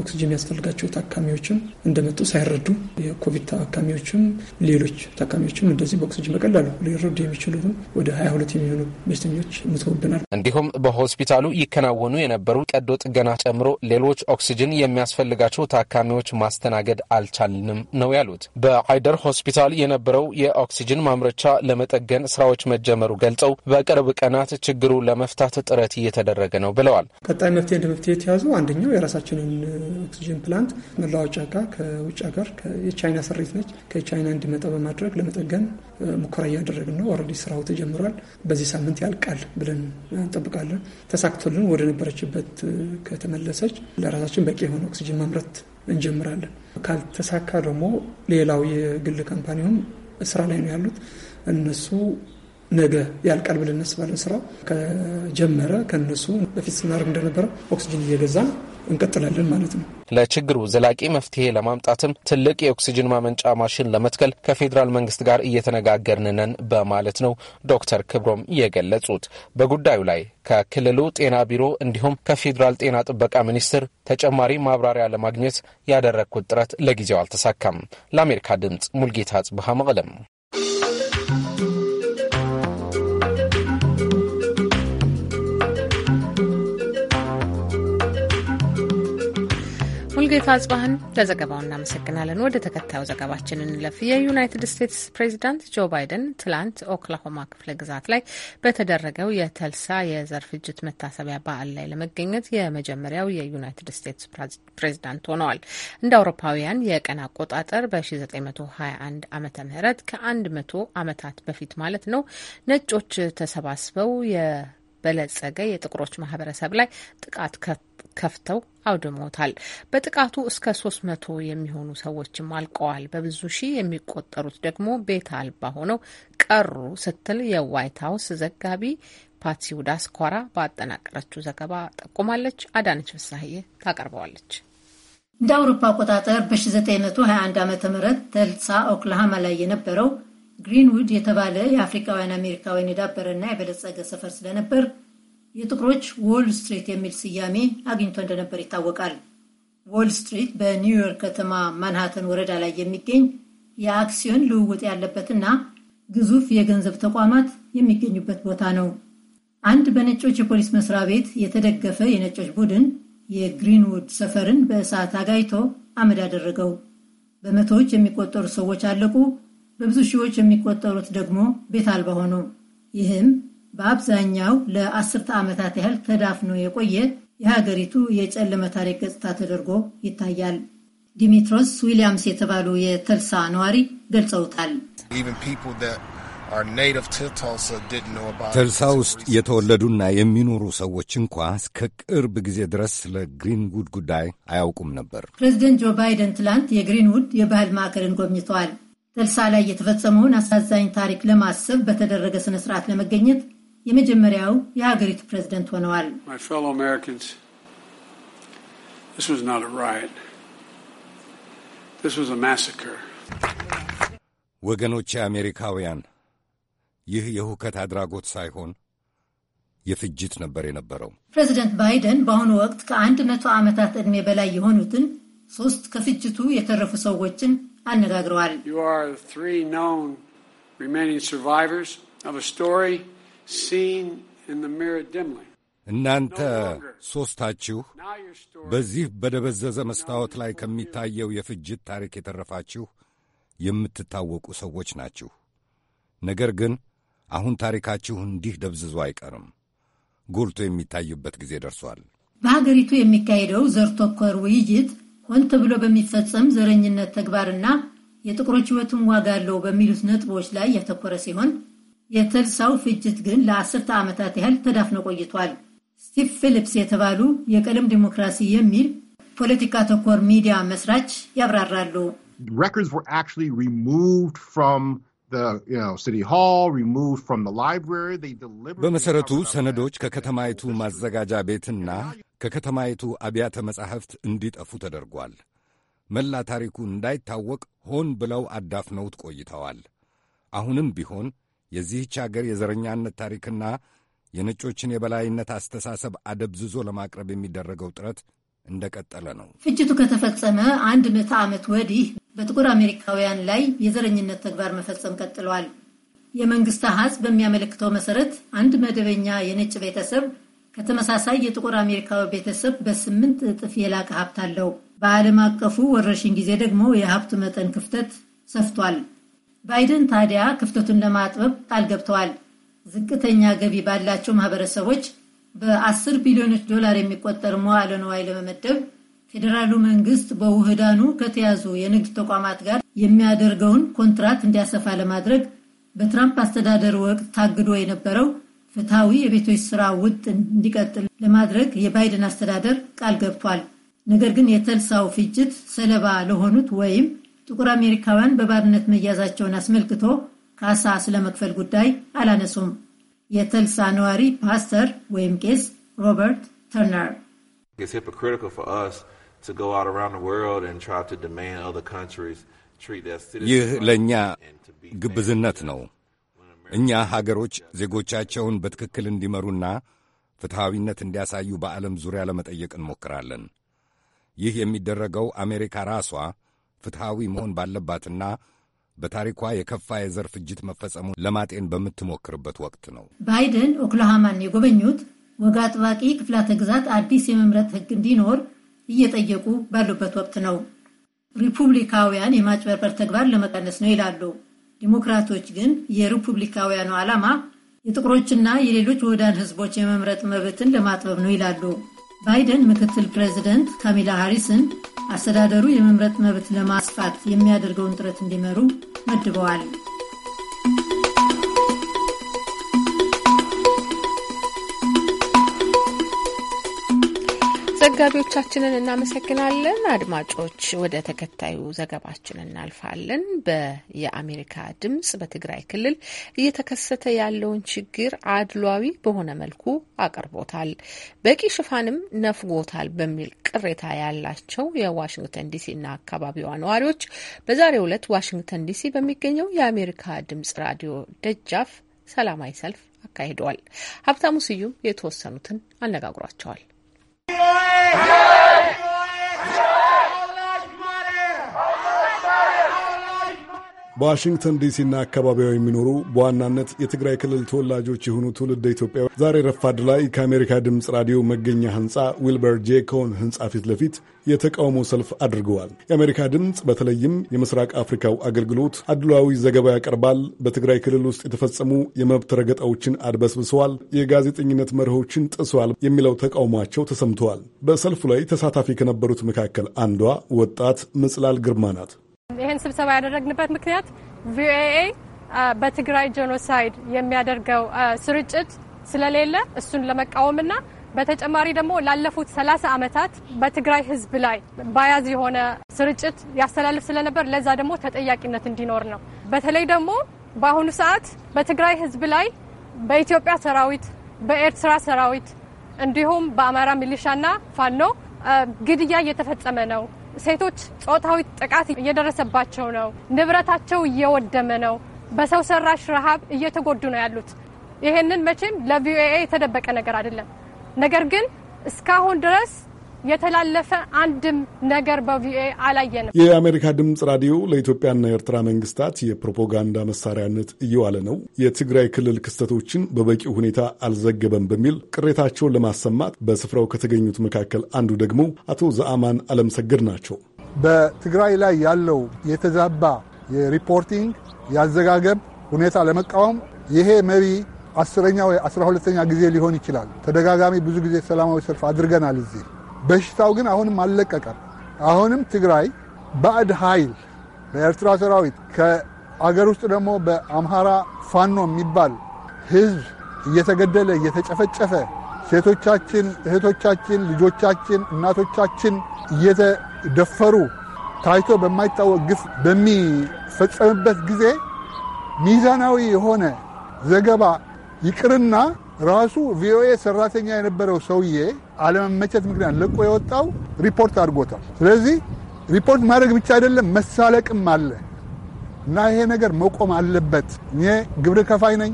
ኦክሲጅን የሚያስፈልጋቸው ታካሚዎችም እንደመጡ ሳይረዱ የኮቪድ ታካሚዎችም ሌሎች ታካሚዎችም እንደዚህ በኦክሲጅን በቀላሉ ሊረዱ የሚችሉ ወደ 22 የሚሆኑ በሽተኞች ሙተውብናል። እንዲሁም በሆስፒታሉ ይከናወኑ የነበሩ ቀዶ ጥገና ጨምሮ ሌሎች ኦክሲጅን የሚያስፈልጋቸው ታካሚዎች ማስተናገ ማስተናገድ አልቻልንም ነው ያሉት። በአይደር ሆስፒታል የነበረው የኦክሲጅን ማምረቻ ለመጠገን ስራዎች መጀመሩ ገልጸው በቅርብ ቀናት ችግሩ ለመፍታት ጥረት እየተደረገ ነው ብለዋል። ቀጣይ መፍትሄ እንደ መፍትሄ የተያዙ አንደኛው የራሳችንን ኦክሲጅን ፕላንት መለዋወጫ ጋር ከውጭ ሀገር የቻይና ስሪት ነች ከቻይና እንዲመጣ በማድረግ ለመጠገን ሙከራ እያደረግን ነው። ኦልሬዲ ስራው ተጀምሯል። በዚህ ሳምንት ያልቃል ብለን እንጠብቃለን። ተሳክቶልን ወደ ነበረችበት ከተመለሰች ለራሳችን በቂ የሆነ ኦክሲጅን ማምረት እንጀምራለን። ካልተሳካ ደግሞ ሌላው የግል ካምፓኒውም ስራ ላይ ነው ያሉት እነሱ ነገ ያልቃል ብለን እናስባለን። ስራው ከጀመረ ከነሱ በፊት ስናደርግ እንደነበረ ኦክስጅን እየገዛን እንቀጥላለን ማለት ነው። ለችግሩ ዘላቂ መፍትሄ ለማምጣትም ትልቅ የኦክስጅን ማመንጫ ማሽን ለመትከል ከፌዴራል መንግስት ጋር እየተነጋገርን ነን በማለት ነው ዶክተር ክብሮም የገለጹት። በጉዳዩ ላይ ከክልሉ ጤና ቢሮ እንዲሁም ከፌዴራል ጤና ጥበቃ ሚኒስቴር ተጨማሪ ማብራሪያ ለማግኘት ያደረግኩት ጥረት ለጊዜው አልተሳካም። ለአሜሪካ ድምፅ ሙልጌታ ጽብሃ መቅለም ሙልጌታ አጽባህን ለዘገባው እናመሰግናለን። ወደ ተከታዩ ዘገባችን እንለፍ። የዩናይትድ ስቴትስ ፕሬዚዳንት ጆ ባይደን ትላንት ኦክላሆማ ክፍለ ግዛት ላይ በተደረገው የተልሳ የዘር ፍጅት መታሰቢያ በዓል ላይ ለመገኘት የመጀመሪያው የዩናይትድ ስቴትስ ፕሬዚዳንት ሆነዋል። እንደ አውሮፓውያን የቀን አቆጣጠር በ1921 ዓመተ ምህረት ከ100 ዓመታት በፊት ማለት ነው ነጮች ተሰባስበው የበለጸገ የጥቁሮች ማህበረሰብ ላይ ጥቃት ከፍተው አውድመውታል። በጥቃቱ እስከ ሶስት መቶ የሚሆኑ ሰዎችም አልቀዋል። በብዙ ሺህ የሚቆጠሩት ደግሞ ቤት አልባ ሆነው ቀሩ ስትል የዋይት ሀውስ ዘጋቢ ፓትሲ ኳራ ባጠናቀረችው ዘገባ ጠቁማለች። አዳነች ፍሳሀዬ ታቀርበዋለች። እንደ አውሮፓ አቆጣጠር በ1921 ዓ ም ተልሳ ኦክላሃማ ላይ የነበረው ግሪንውድ የተባለ የአፍሪካውያን አሜሪካውያን የዳበረና የበለጸገ ሰፈር ስለነበር የጥቁሮች ዎል ስትሪት የሚል ስያሜ አግኝቶ እንደነበር ይታወቃል። ዎል ስትሪት በኒውዮርክ ከተማ ማንሃተን ወረዳ ላይ የሚገኝ የአክሲዮን ልውውጥ ያለበትና ግዙፍ የገንዘብ ተቋማት የሚገኙበት ቦታ ነው። አንድ በነጮች የፖሊስ መስሪያ ቤት የተደገፈ የነጮች ቡድን የግሪንውድ ሰፈርን በእሳት አጋይቶ አመድ አደረገው። በመቶዎች የሚቆጠሩ ሰዎች አለቁ፣ በብዙ ሺዎች የሚቆጠሩት ደግሞ ቤት አልባ ሆኑ። ይህም በአብዛኛው ለአስርተ ዓመታት ያህል ተዳፍኖ የቆየ የሀገሪቱ የጨለመ ታሪክ ገጽታ ተደርጎ ይታያል። ዲሚትሮስ ዊሊያምስ የተባሉ የተልሳ ነዋሪ ገልጸውታል። ተልሳ ውስጥ የተወለዱና የሚኖሩ ሰዎች እንኳ እስከ ቅርብ ጊዜ ድረስ ስለ ግሪንውድ ጉዳይ አያውቁም ነበር። ፕሬዚደንት ጆ ባይደን ትላንት የግሪንውድ የባህል ማዕከልን ጎብኝተዋል። ተልሳ ላይ የተፈጸመውን አሳዛኝ ታሪክ ለማሰብ በተደረገ ስነ ስርዓት ለመገኘት የመጀመሪያው የሀገሪቱ ፕሬዝደንት ሆነዋል። ወገኖቼ አሜሪካውያን፣ ይህ የሁከት አድራጎት ሳይሆን የፍጅት ነበር የነበረው። ፕሬዚደንት ባይደን በአሁኑ ወቅት ከአንድ መቶ ዓመታት ዕድሜ በላይ የሆኑትን ሶስት ከፍጅቱ የተረፉ ሰዎችን አነጋግረዋል። እናንተ ሦስታችሁ በዚህ በደበዘዘ መስታወት ላይ ከሚታየው የፍጅት ታሪክ የተረፋችሁ የምትታወቁ ሰዎች ናችሁ። ነገር ግን አሁን ታሪካችሁ እንዲህ ደብዝዞ አይቀርም። ጎልቶ የሚታይበት ጊዜ ደርሷል። በሀገሪቱ የሚካሄደው ዘር ተኮር ውይይት ሆን ተብሎ በሚፈጸም ዘረኝነት ተግባርና የጥቁሮች ሕይወትን ዋጋ አለው በሚሉት ነጥቦች ላይ ያተኮረ ሲሆን የተልሳው ፍጅት ግን ለአስርተ ዓመታት ያህል ተዳፍኖ ቆይቷል። ስቲቭ ፊሊፕስ የተባሉ የቀለም ዲሞክራሲ የሚል ፖለቲካ ተኮር ሚዲያ መስራች ያብራራሉ። በመሰረቱ ሰነዶች ከከተማይቱ ማዘጋጃ ቤትና ከከተማይቱ አብያተ መጻሕፍት እንዲጠፉ ተደርጓል። መላ ታሪኩ እንዳይታወቅ ሆን ብለው አዳፍነውት ቆይተዋል። አሁንም ቢሆን የዚህች አገር የዘረኛነት ታሪክና የነጮችን የበላይነት አስተሳሰብ አደብዝዞ ለማቅረብ የሚደረገው ጥረት እንደቀጠለ ነው። ፍጅቱ ከተፈጸመ አንድ ምዕተ ዓመት ወዲህ በጥቁር አሜሪካውያን ላይ የዘረኝነት ተግባር መፈጸም ቀጥሏል። የመንግስት አሃዝ በሚያመለክተው መሰረት አንድ መደበኛ የነጭ ቤተሰብ ከተመሳሳይ የጥቁር አሜሪካዊ ቤተሰብ በስምንት እጥፍ የላቀ ሀብት አለው። በዓለም አቀፉ ወረርሽኝ ጊዜ ደግሞ የሀብት መጠን ክፍተት ሰፍቷል። ባይደን ታዲያ ክፍተቱን ለማጥበብ ቃል ገብተዋል። ዝቅተኛ ገቢ ባላቸው ማህበረሰቦች በአስር ቢሊዮኖች ዶላር የሚቆጠር መዋለ ነዋይ ለመመደብ ፌዴራሉ መንግስት በውህዳኑ ከተያዙ የንግድ ተቋማት ጋር የሚያደርገውን ኮንትራት እንዲያሰፋ ለማድረግ በትራምፕ አስተዳደር ወቅት ታግዶ የነበረው ፍትሐዊ የቤቶች ስራ ውጥን እንዲቀጥል ለማድረግ የባይደን አስተዳደር ቃል ገብቷል። ነገር ግን የተልሳው ፍጅት ሰለባ ለሆኑት ወይም ጥቁር አሜሪካውያን በባርነት መያዛቸውን አስመልክቶ ካሳ ስለመክፈል ጉዳይ አላነሱም። የተልሳ ነዋሪ ፓስተር ወይም ቄስ ሮበርት ተርነር ይህ ለእኛ ግብዝነት ነው። እኛ ሀገሮች ዜጎቻቸውን በትክክል እንዲመሩና ፍትሐዊነት እንዲያሳዩ በዓለም ዙሪያ ለመጠየቅ እንሞክራለን። ይህ የሚደረገው አሜሪካ ራሷ ፍትሐዊ መሆን ባለባትና በታሪኳ የከፋ የዘር ፍጅት መፈጸሙን ለማጤን በምትሞክርበት ወቅት ነው። ባይደን ኦክላሃማን የጎበኙት ወግ አጥባቂ ክፍላተ ግዛት አዲስ የመምረጥ ሕግ እንዲኖር እየጠየቁ ባሉበት ወቅት ነው። ሪፑብሊካውያን የማጭበርበር ተግባር ለመቀነስ ነው ይላሉ። ዲሞክራቶች ግን የሪፑብሊካውያኑ ዓላማ የጥቁሮችና የሌሎች ወዳን ሕዝቦች የመምረጥ መብትን ለማጥበብ ነው ይላሉ። ባይደን ምክትል ፕሬዚደንት ካሚላ ሃሪስን አስተዳደሩ የመምረጥ መብት ለማስፋት የሚያደርገውን ጥረት እንዲመሩ መድበዋል። ዘጋቢዎቻችንን እናመሰግናለን። አድማጮች ወደ ተከታዩ ዘገባችን እናልፋለን። የአሜሪካ ድምጽ በትግራይ ክልል እየተከሰተ ያለውን ችግር አድሏዊ በሆነ መልኩ አቅርቦታል፣ በቂ ሽፋንም ነፍጎታል በሚል ቅሬታ ያላቸው የዋሽንግተን ዲሲና አካባቢዋ ነዋሪዎች በዛሬው ዕለት ዋሽንግተን ዲሲ በሚገኘው የአሜሪካ ድምጽ ራዲዮ ደጃፍ ሰላማዊ ሰልፍ አካሂደዋል። ሀብታሙ ስዩም የተወሰኑትን አነጋግሯቸዋል። Yeah! በዋሽንግተን ዲሲና አካባቢዋ የሚኖሩ በዋናነት የትግራይ ክልል ተወላጆች የሆኑ ትውልደ ኢትዮጵያ ዛሬ ረፋድ ላይ ከአሜሪካ ድምፅ ራዲዮ መገኛ ህንፃ ዊልበር ጄ ኮን ህንፃ ፊት ለፊት የተቃውሞ ሰልፍ አድርገዋል። የአሜሪካ ድምፅ በተለይም የምስራቅ አፍሪካው አገልግሎት አድሏዊ ዘገባ ያቀርባል፣ በትግራይ ክልል ውስጥ የተፈጸሙ የመብት ረገጣዎችን አድበስብሰዋል፣ የጋዜጠኝነት መርሆችን ጥሰዋል የሚለው ተቃውሟቸው ተሰምተዋል። በሰልፉ ላይ ተሳታፊ ከነበሩት መካከል አንዷ ወጣት ምጽላል ግርማ ናት። ይህን ስብሰባ ያደረግንበት ምክንያት ቪኦኤ በትግራይ ጄኖሳይድ የሚያደርገው ስርጭት ስለሌለ እሱን ለመቃወምና በተጨማሪ ደግሞ ላለፉት ሰላሳ ዓመታት በትግራይ ሕዝብ ላይ ባያዝ የሆነ ስርጭት ያስተላልፍ ስለነበር ለዛ ደግሞ ተጠያቂነት እንዲኖር ነው። በተለይ ደግሞ በአሁኑ ሰዓት በትግራይ ሕዝብ ላይ በኢትዮጵያ ሰራዊት፣ በኤርትራ ሰራዊት እንዲሁም በአማራ ሚሊሻና ፋኖ ግድያ እየተፈጸመ ነው። ሴቶች ጾታዊ ጥቃት እየደረሰባቸው ነው፣ ንብረታቸው እየወደመ ነው፣ በሰው ሰራሽ ረሃብ እየተጎዱ ነው ያሉት። ይህንን መቼም ለቪኦኤ የተደበቀ ነገር አይደለም። ነገር ግን እስካሁን ድረስ የተላለፈ አንድም ነገር በቪኦኤ አላየንም። የአሜሪካ ድምፅ ራዲዮ ለኢትዮጵያና ኤርትራ መንግስታት የፕሮፓጋንዳ መሳሪያነት እየዋለ ነው፣ የትግራይ ክልል ክስተቶችን በበቂ ሁኔታ አልዘገበም በሚል ቅሬታቸውን ለማሰማት በስፍራው ከተገኙት መካከል አንዱ ደግሞ አቶ ዘአማን አለምሰግድ ናቸው። በትግራይ ላይ ያለው የተዛባ የሪፖርቲንግ ያዘጋገብ ሁኔታ ለመቃወም ይሄ መሪ አስረኛ ወይ አስራ ሁለተኛ ጊዜ ሊሆን ይችላል። ተደጋጋሚ ብዙ ጊዜ ሰላማዊ ሰልፍ አድርገናል እዚህ በሽታው ግን አሁንም አልለቀቀም። አሁንም ትግራይ ባዕድ ኃይል በኤርትራ ሰራዊት ከአገር ውስጥ ደግሞ በአምሃራ ፋኖ የሚባል ህዝብ እየተገደለ እየተጨፈጨፈ ሴቶቻችን፣ እህቶቻችን፣ ልጆቻችን፣ እናቶቻችን እየተደፈሩ ታይቶ በማይታወቅ ግፍ በሚፈጸምበት ጊዜ ሚዛናዊ የሆነ ዘገባ ይቅርና ራሱ ቪኦኤ ሰራተኛ የነበረው ሰውዬ አለመመቸት ምክንያት ለቆ የወጣው ሪፖርት አድርጎታል። ስለዚህ ሪፖርት ማድረግ ብቻ አይደለም መሳለቅም አለ እና ይሄ ነገር መቆም አለበት። እኔ ግብር ከፋይ ነኝ።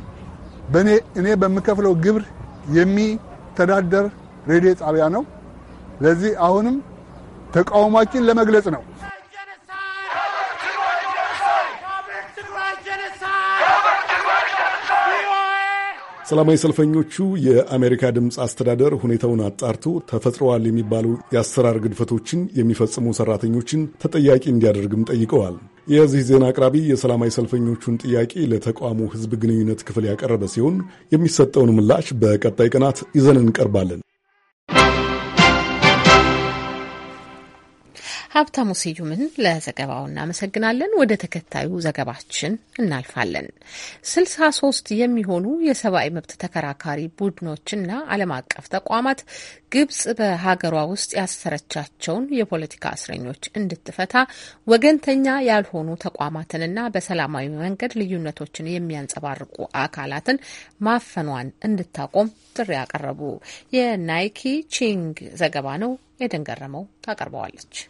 እኔ በምከፍለው ግብር የሚተዳደር ሬዲዮ ጣቢያ ነው። ስለዚህ አሁንም ተቃውሟችን ለመግለጽ ነው። ሰላማዊ ሰልፈኞቹ የአሜሪካ ድምፅ አስተዳደር ሁኔታውን አጣርቶ ተፈጥረዋል የሚባሉ የአሰራር ግድፈቶችን የሚፈጽሙ ሰራተኞችን ተጠያቂ እንዲያደርግም ጠይቀዋል። የዚህ ዜና አቅራቢ የሰላማዊ ሰልፈኞቹን ጥያቄ ለተቋሙ ሕዝብ ግንኙነት ክፍል ያቀረበ ሲሆን የሚሰጠውን ምላሽ በቀጣይ ቀናት ይዘን እንቀርባለን። ሀብታሙ ስዩምን ለዘገባው እናመሰግናለን። ወደ ተከታዩ ዘገባችን እናልፋለን። ስልሳ ሶስት የሚሆኑ የሰብአዊ መብት ተከራካሪ ቡድኖችና ዓለም አቀፍ ተቋማት ግብጽ በሀገሯ ውስጥ ያሰረቻቸውን የፖለቲካ እስረኞች እንድትፈታ ወገንተኛ ያልሆኑ ተቋማትንና በሰላማዊ መንገድ ልዩነቶችን የሚያንጸባርቁ አካላትን ማፈኗን እንድታቆም ጥሪ ያቀረቡ የናይኪ ቺንግ ዘገባ ነው። የደንገረመው ታቀርበዋለች።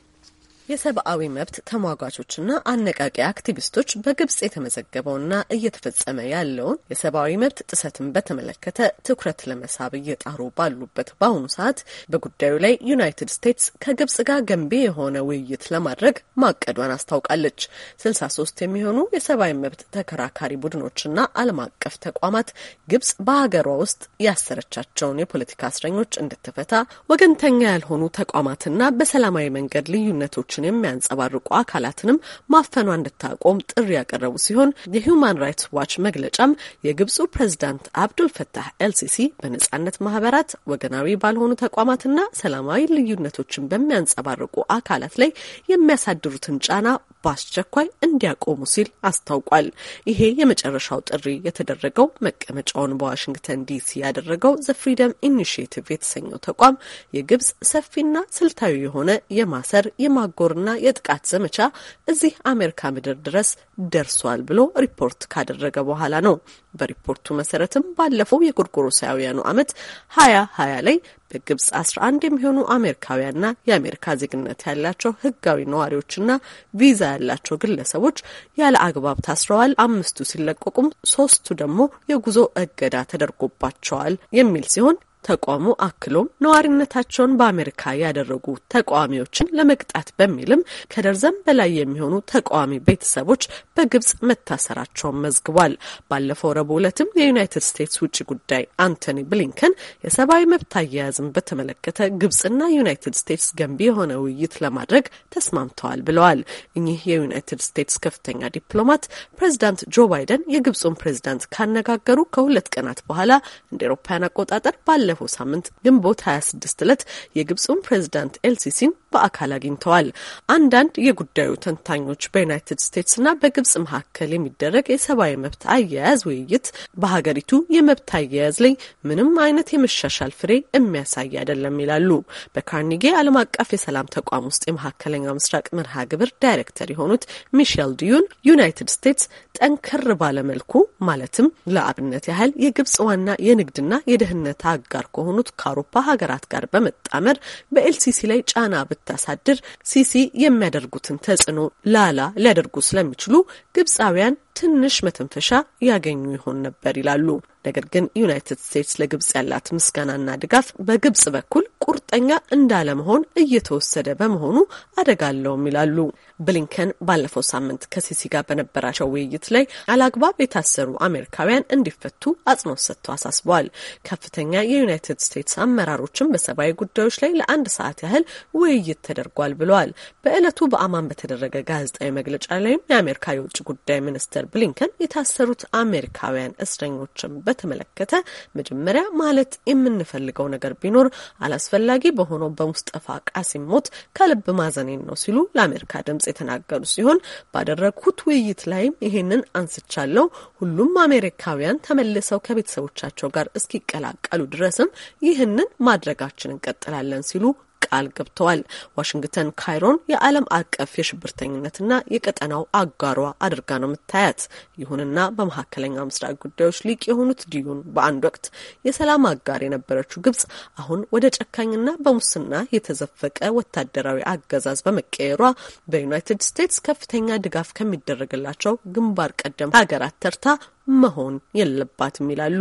የሰብአዊ መብት ተሟጋቾችና አነቃቂ አክቲቪስቶች በግብጽ የተመዘገበውና እየተፈጸመ ያለውን የሰብአዊ መብት ጥሰትን በተመለከተ ትኩረት ለመሳብ እየጣሩ ባሉበት በአሁኑ ሰዓት በጉዳዩ ላይ ዩናይትድ ስቴትስ ከግብጽ ጋር ገንቢ የሆነ ውይይት ለማድረግ ማቀዷን አስታውቃለች። ስልሳ ሶስት የሚሆኑ የሰብአዊ መብት ተከራካሪ ቡድኖችና ዓለም አቀፍ ተቋማት ግብጽ በሀገሯ ውስጥ ያሰረቻቸውን የፖለቲካ እስረኞች እንድትፈታ ወገንተኛ ያልሆኑ ተቋማትና በሰላማዊ መንገድ ልዩነቶች መብቶችን የሚያንጸባርቁ አካላትንም ማፈኗ እንድታቆም ጥሪ ያቀረቡ ሲሆን የሁማን ራይትስ ዋች መግለጫም የግብፁ ፕሬዚዳንት አብዱል ፈታህ ኤልሲሲ በነጻነት ማህበራት፣ ወገናዊ ባልሆኑ ተቋማትና ሰላማዊ ልዩነቶችን በሚያንጸባርቁ አካላት ላይ የሚያሳድሩትን ጫና በአስቸኳይ እንዲያቆሙ ሲል አስታውቋል። ይሄ የመጨረሻው ጥሪ የተደረገው መቀመጫውን በዋሽንግተን ዲሲ ያደረገው ዘ ፍሪደም ኢኒሽቲቭ የተሰኘው ተቋም የግብጽ ሰፊና ስልታዊ የሆነ የማሰር የማጎርና የጥቃት ዘመቻ እዚህ አሜሪካ ምድር ድረስ ደርሷል ብሎ ሪፖርት ካደረገ በኋላ ነው። በሪፖርቱ መሰረትም ባለፈው የጎርጎሮሳውያኑ ዓመት ሀያ ሀያ ላይ በግብጽ 11 የሚሆኑ አሜሪካውያንና የአሜሪካ ዜግነት ያላቸው ህጋዊ ነዋሪዎችና ቪዛ ያላቸው ግለሰቦች ያለ አግባብ ታስረዋል። አምስቱ ሲለቀቁም ሶስቱ ደግሞ የጉዞ እገዳ ተደርጎባቸዋል የሚል ሲሆን ተቋሙ አክሎም ነዋሪነታቸውን በአሜሪካ ያደረጉ ተቃዋሚዎችን ለመቅጣት በሚልም ከደርዘን በላይ የሚሆኑ ተቃዋሚ ቤተሰቦች በግብጽ መታሰራቸውን መዝግቧል። ባለፈው ረቡዕ ዕለትም የዩናይትድ ስቴትስ ውጭ ጉዳይ አንቶኒ ብሊንከን የሰብአዊ መብት አያያዝን በተመለከተ ግብጽና ዩናይትድ ስቴትስ ገንቢ የሆነ ውይይት ለማድረግ ተስማምተዋል ብለዋል። እኚህ የዩናይትድ ስቴትስ ከፍተኛ ዲፕሎማት ፕሬዚዳንት ጆ ባይደን የግብጹን ፕሬዚዳንት ካነጋገሩ ከሁለት ቀናት በኋላ እንደ ኤሮፓያን አቆጣጠር ባለ ባለፈው ሳምንት ግንቦት 26 ዕለት የግብፁን ፕሬዚዳንት ኤልሲሲን በአካል አግኝተዋል። አንዳንድ የጉዳዩ ተንታኞች በዩናይትድ ስቴትስና በግብጽ መካከል የሚደረግ የሰብአዊ መብት አያያዝ ውይይት በሀገሪቱ የመብት አያያዝ ላይ ምንም አይነት የመሻሻል ፍሬ የሚያሳይ አይደለም ይላሉ። በካርኒጌ ዓለም አቀፍ የሰላም ተቋም ውስጥ የመካከለኛው ምስራቅ መርሃ ግብር ዳይሬክተር የሆኑት ሚሼል ዲዩን ዩናይትድ ስቴትስ ጠንከር ባለመልኩ ማለትም ለአብነት ያህል የግብጽ ዋና የንግድና የደህንነት አጋር ከሆኑት ከአውሮፓ ሀገራት ጋር በመጣመር በኤልሲሲ ላይ ጫና ብት ስታሳድር ሲሲ የሚያደርጉትን ተጽዕኖ ላላ ሊያደርጉ ስለሚችሉ ግብፃውያን ትንሽ መተንፈሻ ያገኙ ይሆን ነበር ይላሉ። ነገር ግን ዩናይትድ ስቴትስ ለግብጽ ያላት ምስጋናና ድጋፍ በግብጽ በኩል ቁርጠኛ እንዳለመሆን እየተወሰደ በመሆኑ አደጋለውም ይላሉ። ብሊንከን ባለፈው ሳምንት ከሲሲ ጋር በነበራቸው ውይይት ላይ አላግባብ የታሰሩ አሜሪካውያን እንዲፈቱ አጽንኦት ሰጥተው አሳስበዋል። ከፍተኛ የዩናይትድ ስቴትስ አመራሮችም በሰብአዊ ጉዳዮች ላይ ለአንድ ሰዓት ያህል ውይይት ተደርጓል ብለዋል። በዕለቱ በአማን በተደረገ ጋዜጣዊ መግለጫ ላይም የአሜሪካ የውጭ ጉዳይ ሚኒስትር ብሊንከን የታሰሩት አሜሪካውያን እስረኞችን በተመለከተ መጀመሪያ ማለት የምንፈልገው ነገር ቢኖር አላስፈላጊ በሆነው በሙስጠፋ ቃሲም ሞት ከልብ ማዘኔን ነው ሲሉ ለአሜሪካ ድምጽ የተናገሩ ሲሆን ባደረግኩት ውይይት ላይም ይሄንን አንስቻለሁ። ሁሉም አሜሪካውያን ተመልሰው ከቤተሰቦቻቸው ጋር እስኪቀላቀሉ ድረስም ይህንን ማድረጋችን እንቀጥላለን ሲሉ ቃል ገብተዋል። ዋሽንግተን ካይሮን የዓለም አቀፍ የሽብርተኝነትና የቀጠናው አጋሯ አድርጋ ነው የምታያት። ይሁንና በመካከለኛው ምስራቅ ጉዳዮች ሊቅ የሆኑት ዲዩን በአንድ ወቅት የሰላም አጋር የነበረችው ግብጽ አሁን ወደ ጨካኝና በሙስና የተዘፈቀ ወታደራዊ አገዛዝ በመቀየሯ በዩናይትድ ስቴትስ ከፍተኛ ድጋፍ ከሚደረግላቸው ግንባር ቀደም ሀገራት ተርታ መሆን የለባትም ይላሉ።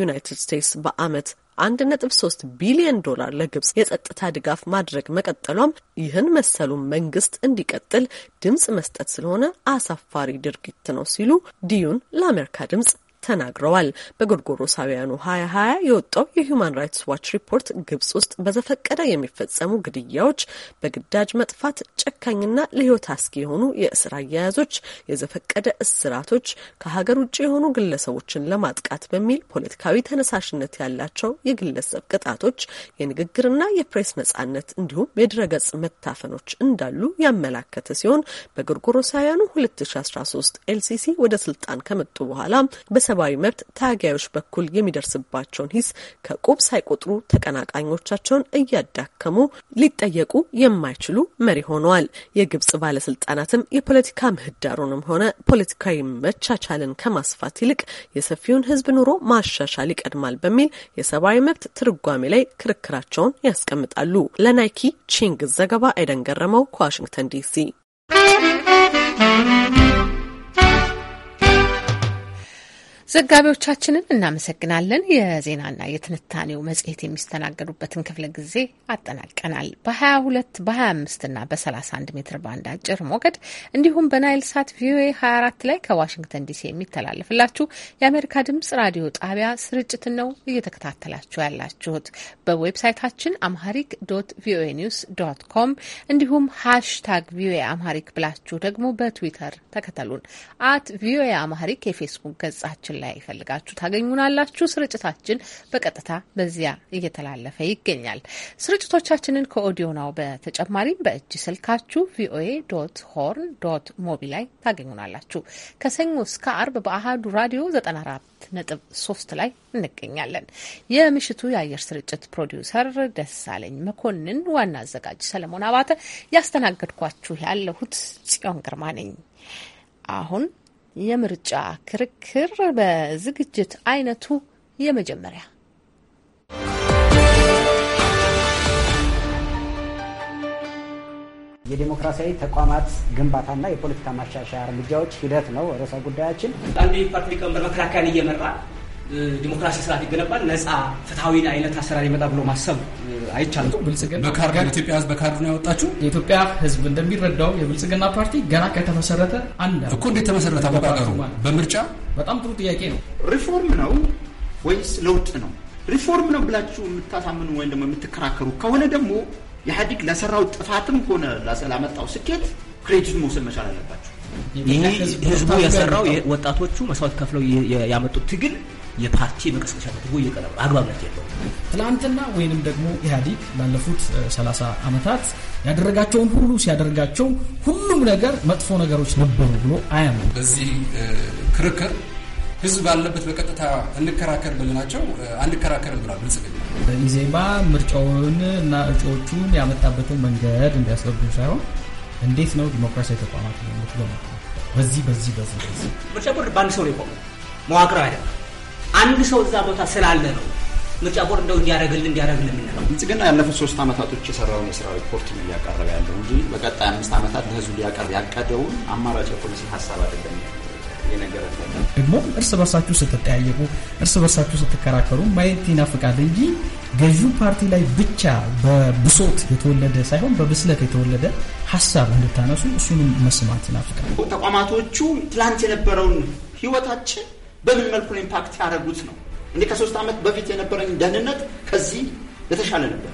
ዩናይትድ ስቴትስ በዓመት አንድ ነጥብ 3 ቢሊዮን ዶላር ለግብጽ የጸጥታ ድጋፍ ማድረግ መቀጠሏም ይህን መሰሉ መንግስት እንዲቀጥል ድምጽ መስጠት ስለሆነ አሳፋሪ ድርጊት ነው ሲሉ ዲዩን ለአሜሪካ ድምጽ ተናግረዋል። በጎርጎሮሳውያኑ 2020 የወጣው የሁማን ራይትስ ዋች ሪፖርት ግብጽ ውስጥ በዘፈቀደ የሚፈጸሙ ግድያዎች፣ በግዳጅ መጥፋት፣ ጨካኝና ለህይወት አስጊ የሆኑ የእስር አያያዞች፣ የዘፈቀደ እስራቶች፣ ከሀገር ውጭ የሆኑ ግለሰቦችን ለማጥቃት በሚል ፖለቲካዊ ተነሳሽነት ያላቸው የግለሰብ ቅጣቶች፣ የንግግርና የፕሬስ ነጻነት እንዲሁም የድረገጽ መታፈኖች እንዳሉ ያመላከተ ሲሆን በጎርጎሮሳውያኑ 2013 ኤልሲሲ ወደ ስልጣን ከመጡ በኋላ በሰ በሰብአዊ መብት ታጋዮች በኩል የሚደርስባቸውን ሂስ ከቁብ ሳይቆጥሩ ተቀናቃኞቻቸውን እያዳከሙ ሊጠየቁ የማይችሉ መሪ ሆነዋል። የግብጽ ባለስልጣናትም የፖለቲካ ምህዳሩንም ሆነ ፖለቲካዊ መቻቻልን ከማስፋት ይልቅ የሰፊውን ህዝብ ኑሮ ማሻሻል ይቀድማል በሚል የሰብአዊ መብት ትርጓሜ ላይ ክርክራቸውን ያስቀምጣሉ። ለናይኪ ቺንግ ዘገባ አይደን ገረመው ከዋሽንግተን ዲሲ ዘጋቢዎቻችንን እናመሰግናለን። የዜናና የትንታኔው መጽሔት የሚስተናገዱበትን ክፍለ ጊዜ አጠናቀናል። በ22 25 እና በ31 ሜትር ባንድ አጭር ሞገድ እንዲሁም በናይል ሳት ቪኦኤ 24 ላይ ከዋሽንግተን ዲሲ የሚተላለፍላችሁ የአሜሪካ ድምጽ ራዲዮ ጣቢያ ስርጭትን ነው እየተከታተላችሁ ያላችሁት። በዌብሳይታችን አምሃሪክ ዶት ቪኦኤ ኒውስ ዶት ኮም እንዲሁም ሃሽታግ ቪኦኤ አምሃሪክ ብላችሁ ደግሞ በትዊተር ተከተሉን። አት ቪኦኤ አምሃሪክ የፌስቡክ ገጻችን ላይ ፈልጋችሁ ታገኙናላችሁ። ስርጭታችን በቀጥታ በዚያ እየተላለፈ ይገኛል። ስርጭቶቻችንን ከኦዲዮ ናው በተጨማሪም በእጅ ስልካችሁ ቪኦኤ ዶት ሆርን ዶት ሞቢ ላይ ታገኙናላችሁ። ከሰኞ እስከ አርብ በአህዱ ራዲዮ 94 ነጥብ 3 ላይ እንገኛለን። የምሽቱ የአየር ስርጭት ፕሮዲውሰር ደሳለኝ መኮንን፣ ዋና አዘጋጅ ሰለሞን አባተ፣ ያስተናገድኳችሁ ያለሁት ጽዮን ግርማ ነኝ። አሁን የምርጫ ክርክር በዝግጅት አይነቱ የመጀመሪያ የዲሞክራሲያዊ ተቋማት ግንባታና የፖለቲካ ማሻሻያ እርምጃዎች ሂደት ነው ርዕሰ ጉዳያችን። አንዱ ፓርቲ ሊቀመንበር መከላከያን እየመራ ዲሞክራሲ ስርዓት ይገነባል፣ ነፃ ፍትሐዊ አይነት አሰራር ይመጣ ብሎ ማሰብ አይቻልም። ብልጽግና በካርድ ኢትዮጵያ ህዝብ በካርድ ነው ያወጣችሁ። የኢትዮጵያ ህዝብ እንደሚረዳው የብልጽግና ፓርቲ ገና ከተመሰረተ አንድ እኮ እንዴት ተመሰረተ? አበቃቀሩ በምርጫ በጣም ጥሩ ጥያቄ ነው። ሪፎርም ነው ወይስ ለውጥ ነው? ሪፎርም ነው ብላችሁ የምታሳምኑ ወይም ደግሞ የምትከራከሩ ከሆነ ደግሞ ኢህአዲግ ለሰራው ጥፋትም ሆነ ላመጣው ስኬት ክሬዲት መውሰድ መቻል አለባቸው። ይህ ህዝቡ የሰራው ወጣቶቹ መስዋዕት ከፍለው ያመጡት ትግል የፓርቲ መቀስቀሻ ተደርጎ እየቀረበ አግባብነት የለው። ትናንትና ወይንም ደግሞ ኢህአዲግ ላለፉት 30 ዓመታት ያደረጋቸውን ሁሉ ሲያደርጋቸው ሁሉም ነገር መጥፎ ነገሮች ነበሩ ብሎ አያምኑ። በዚህ ክርክር ህዝብ ባለበት በቀጥታ እንከራከር ብለናቸው አንከራከር ብላ ብልጽግና ኢዜማ ምርጫውን እና እጩዎቹን ያመጣበትን መንገድ እንዲያስረዱ ሳይሆን እንዴት ነው ዲሞክራሲያዊ ተቋማት ነው በዚህ በዚህ በዚህ በዚህ ምርጫ ቦርድ በአንድ ሰው ነው የቆመው መዋቅር አይደለም አንድ ሰው እዛ ቦታ ስላለ ነው ምርጫ ቦርድ እንደው እንዲያደረግልን እንዲያደርግልን የምንለው ብልጽግና ያለፉት ሶስት ዓመታቶች የሰራውን የስራ ሪፖርት ነው እያቀረበ ያለው እንጂ በቀጣይ አምስት ዓመታት ለህዝቡ ሊያቀርብ ያቀደውን አማራጭ የፖሊሲ ሀሳብ አይደለም ደግሞ እርስ በርሳችሁ ስትጠያየቁ፣ እርስ በርሳችሁ ስትከራከሩ ማየት ይናፍቃል እንጂ ገዢው ፓርቲ ላይ ብቻ በብሶት የተወለደ ሳይሆን በብስለት የተወለደ ሀሳብ እንድታነሱ እሱንም መስማት ይናፍቃል። ተቋማቶቹ ትላንት የነበረውን ህይወታችን በምን መልኩ ኢምፓክት ያደረጉት ነው። እኔ ከሶስት ዓመት በፊት የነበረኝ ደህንነት ከዚህ የተሻለ ነበር።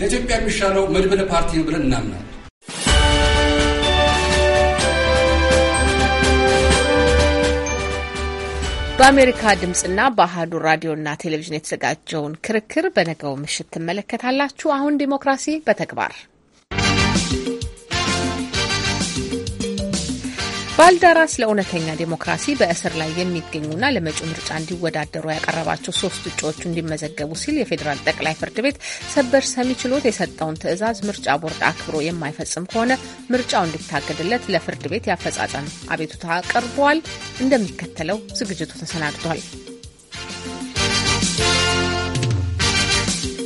ለኢትዮጵያ የሚሻለው መድበለ ፓርቲ ነው ብለን እናምናል። በአሜሪካ ድምፅና በአህዱ ራዲዮና ቴሌቪዥን የተዘጋጀውን ክርክር በነገው ምሽት ትመለከታላችሁ። አሁን ዲሞክራሲ በተግባር ባልደራስ ለእውነተኛ ዴሞክራሲ በእስር ላይ የሚገኙና ለመጪው ምርጫ እንዲወዳደሩ ያቀረባቸው ሶስት እጩዎቹ እንዲመዘገቡ ሲል የፌዴራል ጠቅላይ ፍርድ ቤት ሰበር ሰሚ ችሎት የሰጠውን ትዕዛዝ ምርጫ ቦርድ አክብሮ የማይፈጽም ከሆነ ምርጫው እንዲታገድለት ለፍርድ ቤት ያፈጻጸም አቤቱታ ቀርበዋል። እንደሚከተለው ዝግጅቱ ተሰናድቷል።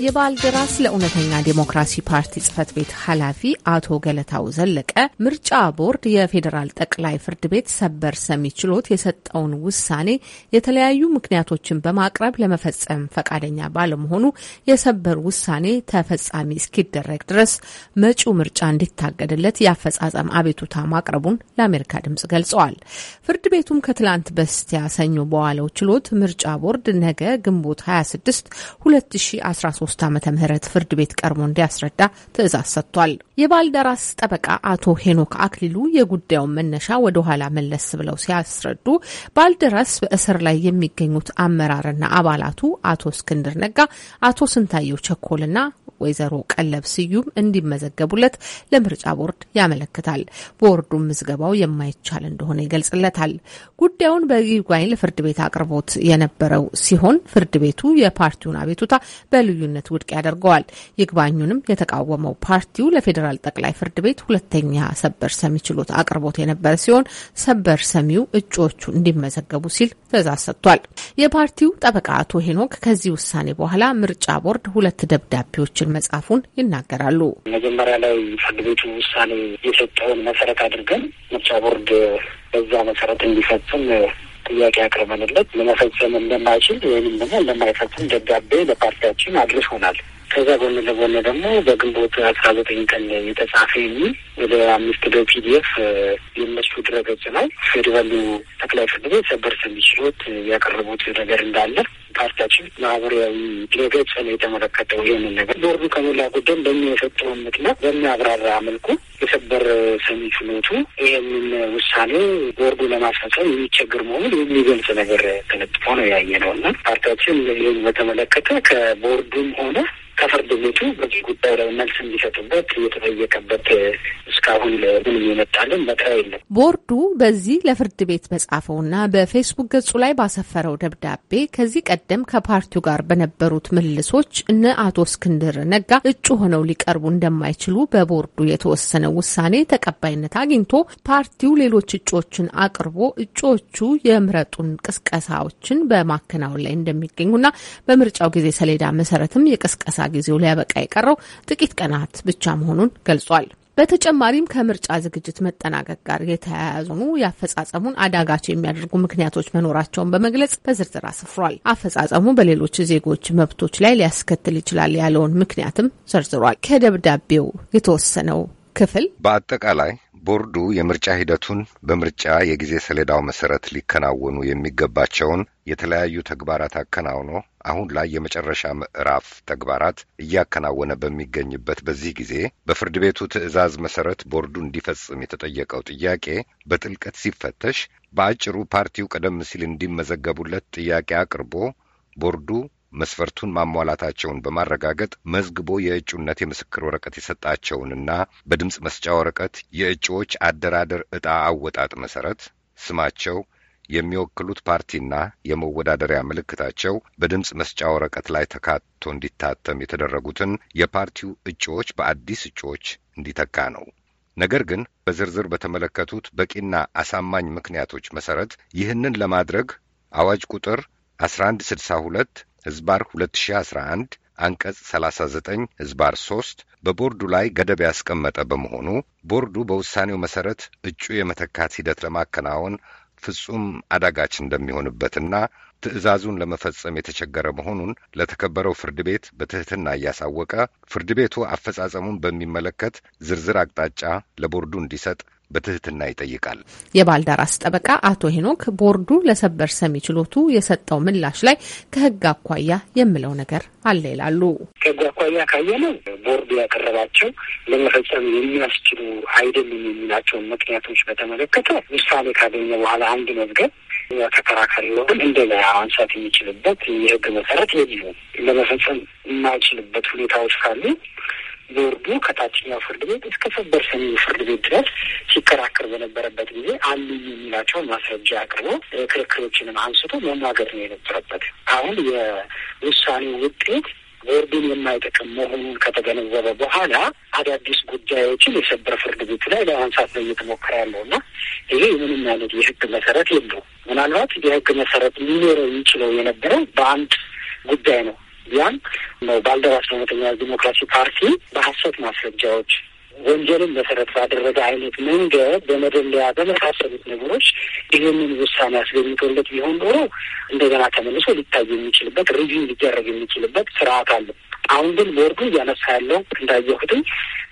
የባልደራስ ለእውነተኛ ዴሞክራሲ ፓርቲ ጽህፈት ቤት ኃላፊ አቶ ገለታው ዘለቀ ምርጫ ቦርድ የፌዴራል ጠቅላይ ፍርድ ቤት ሰበር ሰሚ ችሎት የሰጠውን ውሳኔ የተለያዩ ምክንያቶችን በማቅረብ ለመፈጸም ፈቃደኛ ባለመሆኑ የሰበር ውሳኔ ተፈጻሚ እስኪደረግ ድረስ መጪው ምርጫ እንዲታገድለት የአፈጻጸም አቤቱታ ማቅረቡን ለአሜሪካ ድምጽ ገልጸዋል። ፍርድ ቤቱም ከትላንት በስቲያ ሰኞ በዋለው ችሎት ምርጫ ቦርድ ነገ ግንቦት 26 2013 2013 ዓመተ ምህረት ፍርድ ቤት ቀርቦ እንዲያስረዳ ትዕዛዝ ሰጥቷል። የባልደራስ ጠበቃ አቶ ሄኖክ አክሊሉ የጉዳዩን መነሻ ወደ ኋላ መለስ ብለው ሲያስረዱ ባልደራስ በእስር ላይ የሚገኙት አመራርና አባላቱ አቶ እስክንድር ነጋ፣ አቶ ስንታየው ቸኮልና ወይዘሮ ቀለብ ስዩም እንዲመዘገቡለት ለምርጫ ቦርድ ያመለክታል። ቦርዱም ምዝገባው የማይቻል እንደሆነ ይገልጽለታል። ጉዳዩን በይግባኝ ለፍርድ ቤት አቅርቦት የነበረው ሲሆን ፍርድ ቤቱ የፓርቲውን አቤቱታ በልዩነት በላይነት ውድቅ ያደርገዋል። ይግባኙንም የተቃወመው ፓርቲው ለፌዴራል ጠቅላይ ፍርድ ቤት ሁለተኛ ሰበር ሰሚ ችሎት አቅርቦት የነበረ ሲሆን ሰበር ሰሚው እጩዎቹ እንዲመዘገቡ ሲል ትዕዛዝ ሰጥቷል። የፓርቲው ጠበቃ አቶ ሄኖክ ከዚህ ውሳኔ በኋላ ምርጫ ቦርድ ሁለት ደብዳቤዎችን መጻፉን ይናገራሉ። መጀመሪያ ላይ ፍርድ ቤቱ ውሳኔ የሰጠውን መሰረት አድርገን ምርጫ ቦርድ በዛ መሰረት እንዲፈጽም ጥያቄ አቅርበንለት ለመፈጸም እንደማይችል ወይም ደግሞ እንደማይፈጽም ደብዳቤ ለፓርቲያችን አድርሶናል። ከዛ ጎን ለጎን ደግሞ በግንቦት አስራ ዘጠኝ ቀን የተጻፈ የሚል ወደ አምስት ዶ ፒዲኤፍ የነሱ ድረገጽ ላይ ፌዴራሉ ጠቅላይ ፍርድ ቤት ሰበር ሰሚ ችሎት ያቀረቡት ነገር እንዳለ ፓርቲያችን ማህበራዊ ድረገጽ ነው የተመለከተው። ይህንን ነገር ቦርዱ ከሞላ ጎደል በእኛ የሰጠውን ምክንያት በሚያብራራ መልኩ የሰበር ሰሚ ችሎቱ ይህንን ውሳኔ ቦርዱ ለማስፈጸም የሚቸግር መሆኑን የሚገልጽ ነገር ተለጥፎ ነው ያየ ነው እና ፓርቲያችን ይህን በተመለከተ ከቦርዱም ሆነ ከፍርድ ቤቱ በዚህ ጉዳይ ላይ መልስ እንዲሰጡበት የተጠየቀበት እስካሁን ምንም የመጣልን መጥሪያ የለም። ቦርዱ በዚህ ለፍርድ ቤት በጻፈውና በፌስቡክ ገጹ ላይ ባሰፈረው ደብዳቤ ከዚህ ቀደም ከፓርቲው ጋር በነበሩት ምልሶች እነ አቶ እስክንድር ነጋ እጩ ሆነው ሊቀርቡ እንደማይችሉ በቦርዱ የተወሰነው ውሳኔ ተቀባይነት አግኝቶ ፓርቲው ሌሎች እጩዎችን አቅርቦ እጩዎቹ የምረጡን ቅስቀሳዎችን በማከናወን ላይ እንደሚገኙና በምርጫው ጊዜ ሰሌዳ መሰረትም የቅስቀሳ ጊዜው ሊያበቃ የቀረው ጥቂት ቀናት ብቻ መሆኑን ገልጿል። በተጨማሪም ከምርጫ ዝግጅት መጠናቀቅ ጋር የተያያዙ የአፈጻጸሙን አዳጋች የሚያደርጉ ምክንያቶች መኖራቸውን በመግለጽ በዝርዝር አስፍሯል። አፈጻጸሙ በሌሎች ዜጎች መብቶች ላይ ሊያስከትል ይችላል ያለውን ምክንያትም ዘርዝሯል። ከደብዳቤው የተወሰነው ክፍል በአጠቃላይ ቦርዱ የምርጫ ሂደቱን በምርጫ የጊዜ ሰሌዳው መሰረት ሊከናወኑ የሚገባቸውን የተለያዩ ተግባራት አከናውኖ አሁን ላይ የመጨረሻ ምዕራፍ ተግባራት እያከናወነ በሚገኝበት በዚህ ጊዜ በፍርድ ቤቱ ትዕዛዝ መሰረት ቦርዱ እንዲፈጽም የተጠየቀው ጥያቄ በጥልቀት ሲፈተሽ በአጭሩ ፓርቲው ቀደም ሲል እንዲመዘገቡለት ጥያቄ አቅርቦ ቦርዱ መስፈርቱን ማሟላታቸውን በማረጋገጥ መዝግቦ የእጩነት የምስክር ወረቀት የሰጣቸውንና በድምፅ መስጫ ወረቀት የእጩዎች አደራደር ዕጣ አወጣጥ መሰረት ስማቸው የሚወክሉት ፓርቲና የመወዳደሪያ ምልክታቸው በድምፅ መስጫ ወረቀት ላይ ተካቶ እንዲታተም የተደረጉትን የፓርቲው እጩዎች በአዲስ እጩዎች እንዲተካ ነው። ነገር ግን በዝርዝር በተመለከቱት በቂና አሳማኝ ምክንያቶች መሰረት ይህንን ለማድረግ አዋጅ ቁጥር 1162 ህዝባር 2011 አንቀጽ 39 ህዝባር 3 በቦርዱ ላይ ገደብ ያስቀመጠ በመሆኑ ቦርዱ በውሳኔው መሰረት እጩ የመተካት ሂደት ለማከናወን ፍጹም አዳጋች እንደሚሆንበትና ትዕዛዙን ለመፈጸም የተቸገረ መሆኑን ለተከበረው ፍርድ ቤት በትህትና እያሳወቀ ፍርድ ቤቱ አፈጻጸሙን በሚመለከት ዝርዝር አቅጣጫ ለቦርዱ እንዲሰጥ በትህትና ይጠይቃል። የባልደራስ ጠበቃ አቶ ሄኖክ ቦርዱ ለሰበር ሰሚ ችሎቱ የሰጠው ምላሽ ላይ ከህግ አኳያ የምለው ነገር አለ ይላሉ። ከህግ አኳያ ካየነው ቦርዱ ያቀረባቸው ለመፈጸም የሚያስችሉ አይደሉም የሚላቸውን ምክንያቶች በተመለከተ ውሳኔ ካገኘ በኋላ አንድ መዝገብ ተከራካሪ ወገን እንደገና አንሳት የሚችልበት የህግ መሰረት የለውም። ለመፈጸም የማይችልበት ሁኔታዎች ካሉ ቦርዱ ከታችኛው ፍርድ ቤት እስከ ሰበር ሰሚ ፍርድ ቤት ድረስ ሲከራከር በነበረበት ጊዜ አሉ የሚላቸውን ማስረጃ አቅርቦ ክርክሮችንም አንስቶ መሟገድ ነው የነበረበት። አሁን የውሳኔው ውጤት ቦርዱን የማይጠቅም መሆኑን ከተገነዘበ በኋላ አዳዲስ ጉዳዮችን የሰበር ፍርድ ቤቱ ላይ ለማንሳት ነው እየተሞከረ ያለው እና ይሄ ምንም አይነት የህግ መሰረት የለው ምናልባት የህግ መሰረት ሊኖረው የሚችለው የነበረው በአንድ ጉዳይ ነው። ያም ነው ባልደራስ እውነተኛ ዲሞክራሲ ፓርቲ በሀሰት ማስረጃዎች ወንጀልን መሰረት ባደረገ አይነት መንገድ በመደለያ በመሳሰሉት ነገሮች ይህንን ውሳኔ አስገኝቶለት ቢሆን ኖሮ እንደገና ተመልሶ ሊታይ የሚችልበት ሪቪው ሊደረግ የሚችልበት ስርዓት አለ። አሁን ግን ቦርዱ እያነሳ ያለው እንዳየሁትም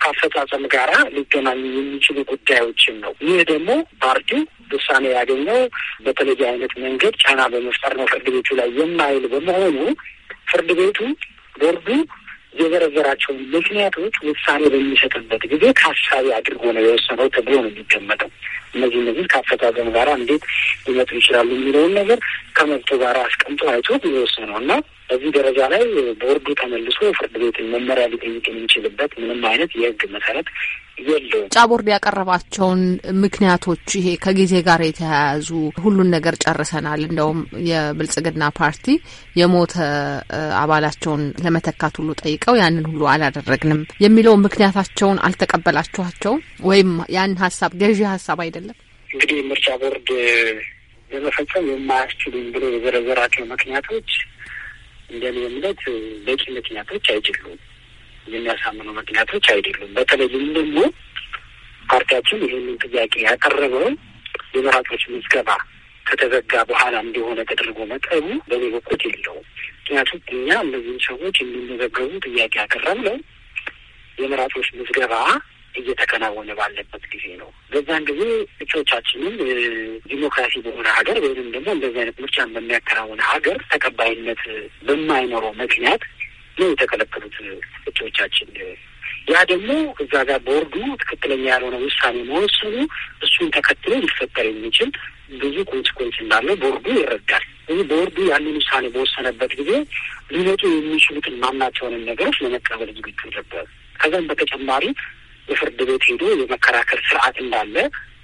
ከአፈጻጸም ጋራ ሊገናኙ የሚችሉ ጉዳዮችን ነው። ይህ ደግሞ ፓርቲው ውሳኔ ያገኘው በተለየ አይነት መንገድ ጫና በመፍጠር ነው ፍርድ ቤቱ ላይ የማይል በመሆኑ ፍርድ ቤቱ ቦርዱ የዘረዘራቸውን ምክንያቶች ውሳኔ በሚሰጥበት ጊዜ ታሳቢ አድርጎ ነው የወሰነው ተብሎ ነው የሚገመጠው። እነዚህ እነዚህ ከአፈጻጸም ጋር እንዴት ሊመጡ ይችላሉ የሚለውን ነገር ከመብቶ ጋር አስቀምጦ አይቶ የወሰነው እና በዚህ ደረጃ ላይ ቦርዱ ተመልሶ ፍርድ ቤትን መመሪያ ሊጠይቅ የሚችልበት ምንም አይነት የህግ መሰረት የለውም። ምርጫ ቦርድ ያቀረባቸውን ምክንያቶች ይሄ ከጊዜ ጋር የተያያዙ ሁሉን ነገር ጨርሰናል፣ እንደውም የብልጽግና ፓርቲ የሞተ አባላቸውን ለመተካት ሁሉ ጠይቀው ያንን ሁሉ አላደረግንም የሚለው ምክንያታቸውን አልተቀበላችኋቸውም ወይም ያን ሀሳብ ገዢ ሀሳብ አይደለም። እንግዲህ ምርጫ ቦርድ ለመፈጸም የማያስችሉኝ ብሎ የዘረዘራቸው ምክንያቶች እንደኔ እምነት በቂ ምክንያቶች አይችሉም። የሚያሳምኑ ምክንያቶች አይደሉም። በተለይም ደግሞ ፓርቲያችን ይህንን ጥያቄ ያቀረበው የመራጮች ምዝገባ ከተዘጋ በኋላ እንደሆነ ተደርጎ መቀቡ በእኔ በኩል የለውም። ምክንያቱም እኛ እነዚህን ሰዎች እንዲመዘገቡ ጥያቄ ነው የመራጮች ምዝገባ እየተከናወነ ባለበት ጊዜ ነው። በዛን ጊዜ እጩዎቻችንም ዲሞክራሲ በሆነ ሀገር ወይም ደግሞ እንደዚህ አይነት ምርጫን በሚያከናወነ ሀገር ተቀባይነት በማይኖረው ምክንያት ነው የተከለከሉት እጩዎቻችን። ያ ደግሞ እዛ ጋር ቦርዱ ትክክለኛ ያልሆነ ውሳኔ መወሰኑ እሱን ተከትሎ ሊፈጠር የሚችል ብዙ ኮንስኮንስ እንዳለው ቦርዱ ይረዳል። ስለዚህ ቦርዱ ያንን ውሳኔ በወሰነበት ጊዜ ሊመጡ የሚችሉትን ማናቸውንም ነገሮች ለመቀበል ዝግጁ ነበር። ከዛም በተጨማሪ የፍርድ ቤት ሄዶ የመከራከር ስርዓት እንዳለ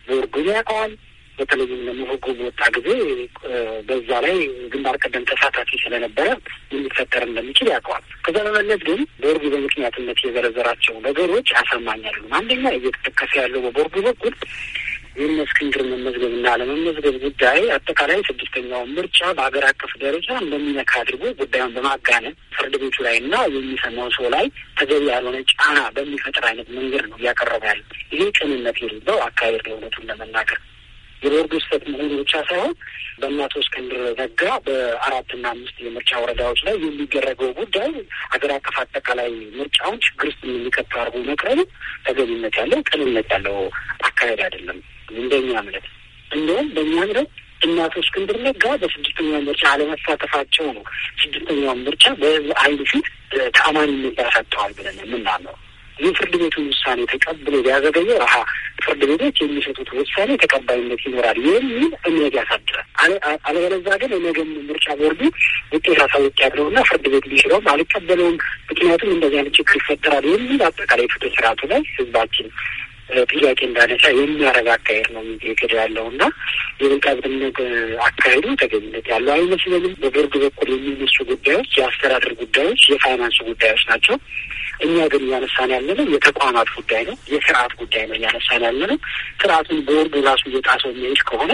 ቦርዱን ያውቀዋል። በተለይም ደግሞ ህጉ በወጣ ጊዜ በዛ ላይ ግንባር ቀደም ተሳታፊ ስለነበረ የሚፈጠር እንደሚችል ያውቀዋል። ከዛ በመለስ ግን ቦርዱ በምክንያትነት የዘረዘራቸው ነገሮች አሳማኛሉ። አንደኛ እየተጠቀሰ ያለው በቦርዱ በኩል መመዝገብ እና አለመመዝገብ ጉዳይ አጠቃላይ ስድስተኛውን ምርጫ በሀገር አቀፍ ደረጃ እንደሚነካ አድርጎ ጉዳዩን በማጋነን ፍርድ ቤቱ ላይ እና የሚሰማው ሰው ላይ ተገቢ ያልሆነ ጫና በሚፈጥር አይነት መንገድ ነው እያቀረበ ያለ። ይህ ቅንነት የሌለው አካሄድ ለእውነቱን ለመናገር የቦርዱ ስህተት መሆኑ ብቻ ሳይሆን በእናቶ እስክንድር ነጋ በአራትና አምስት የምርጫ ወረዳዎች ላይ የሚደረገው ጉዳይ አገር አቀፍ አጠቃላይ ምርጫውን ችግር ውስጥ የሚከት አድርጎ መቅረብ ተገቢነት ያለው ቅንነት ያለው አካሄድ አይደለም እንደኛ እምነት። እንደውም በእኛ እምነት እናቶ እስክንድር ነጋ በስድስተኛው ምርጫ አለመሳተፋቸው ነው ስድስተኛውን ምርጫ በህዝብ አይን ፊት ተአማኒነት ያሳጥተዋል ብለን የምናምነው። ፍርድ ቤቱን ውሳኔ ተቀብሎ ቢያዘገኘ ረሀ ፍርድ ቤቶች የሚሰጡት ውሳኔ ተቀባይነት ይኖራል የሚል እምነት ያሳድራል። አለበለዚያ ግን የነገም ምርጫ ቦርዱ ውጤት አሳወቅ ያለውና ፍርድ ቤት ሊሽረውም አልቀበለውም፣ ምክንያቱም እንደዚህ አይነት ችግር ይፈጠራል የሚል አጠቃላይ ፍትህ ስርዓቱ ላይ ህዝባችን ጥያቄ እንዳነሳ የሚያረግ አካሄድ ነው የሚገድ ያለው እና የብልጣብድነት አካሄዱ ተገኝነት ያለው አይመስለንም። በቦርድ በኩል የሚነሱ ጉዳዮች የአስተዳደር ጉዳዮች፣ የፋይናንስ ጉዳዮች ናቸው። እኛ ግን እያነሳን ያለ ነው የተቋማት ጉዳይ ነው፣ የስርዓት ጉዳይ ነው እያነሳን ያለ ነው። ስርዓቱን ቦርዱ ራሱ እየጣሰው የሚሄድ ከሆነ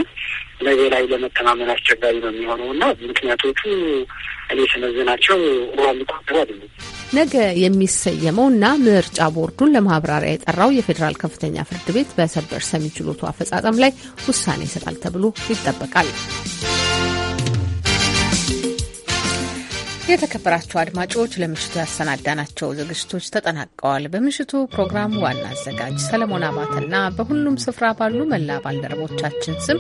ነገ ላይ ለመተማመን አስቸጋሪ ነው የሚሆነው እና ምክንያቶቹ እኔ ስመዝናቸው ናቸው ሊቆጠሩ አይደሉም። ነገ የሚሰየመውና ምርጫ ቦርዱን ለማብራሪያ የጠራው የፌዴራል ከፍተኛ ፍርድ ቤት በሰበር ሰሚ ችሎቱ አፈጻጸም ላይ ውሳኔ ይሰጣል ተብሎ ይጠበቃል። የተከበራቸው አድማጮች ለምሽቱ ያሰናዳናቸው ዝግጅቶች ተጠናቀዋል። በምሽቱ ፕሮግራም ዋና አዘጋጅ ሰለሞን አባትና በሁሉም ስፍራ ባሉ መላ ባልደረቦቻችን ስም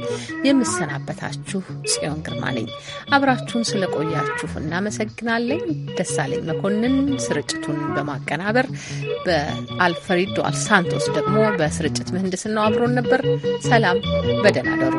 የምሰናበታችሁ ጽዮን ግርማ ነኝ። አብራችሁን ስለቆያችሁ እናመሰግናለን። ደሳለኝ መኮንን ስርጭቱን በማቀናበር በአልፍሬዶ አልሳንቶስ ደግሞ በስርጭት ምህንድስናው አብሮን ነበር። ሰላም፣ በደህና ደሩ።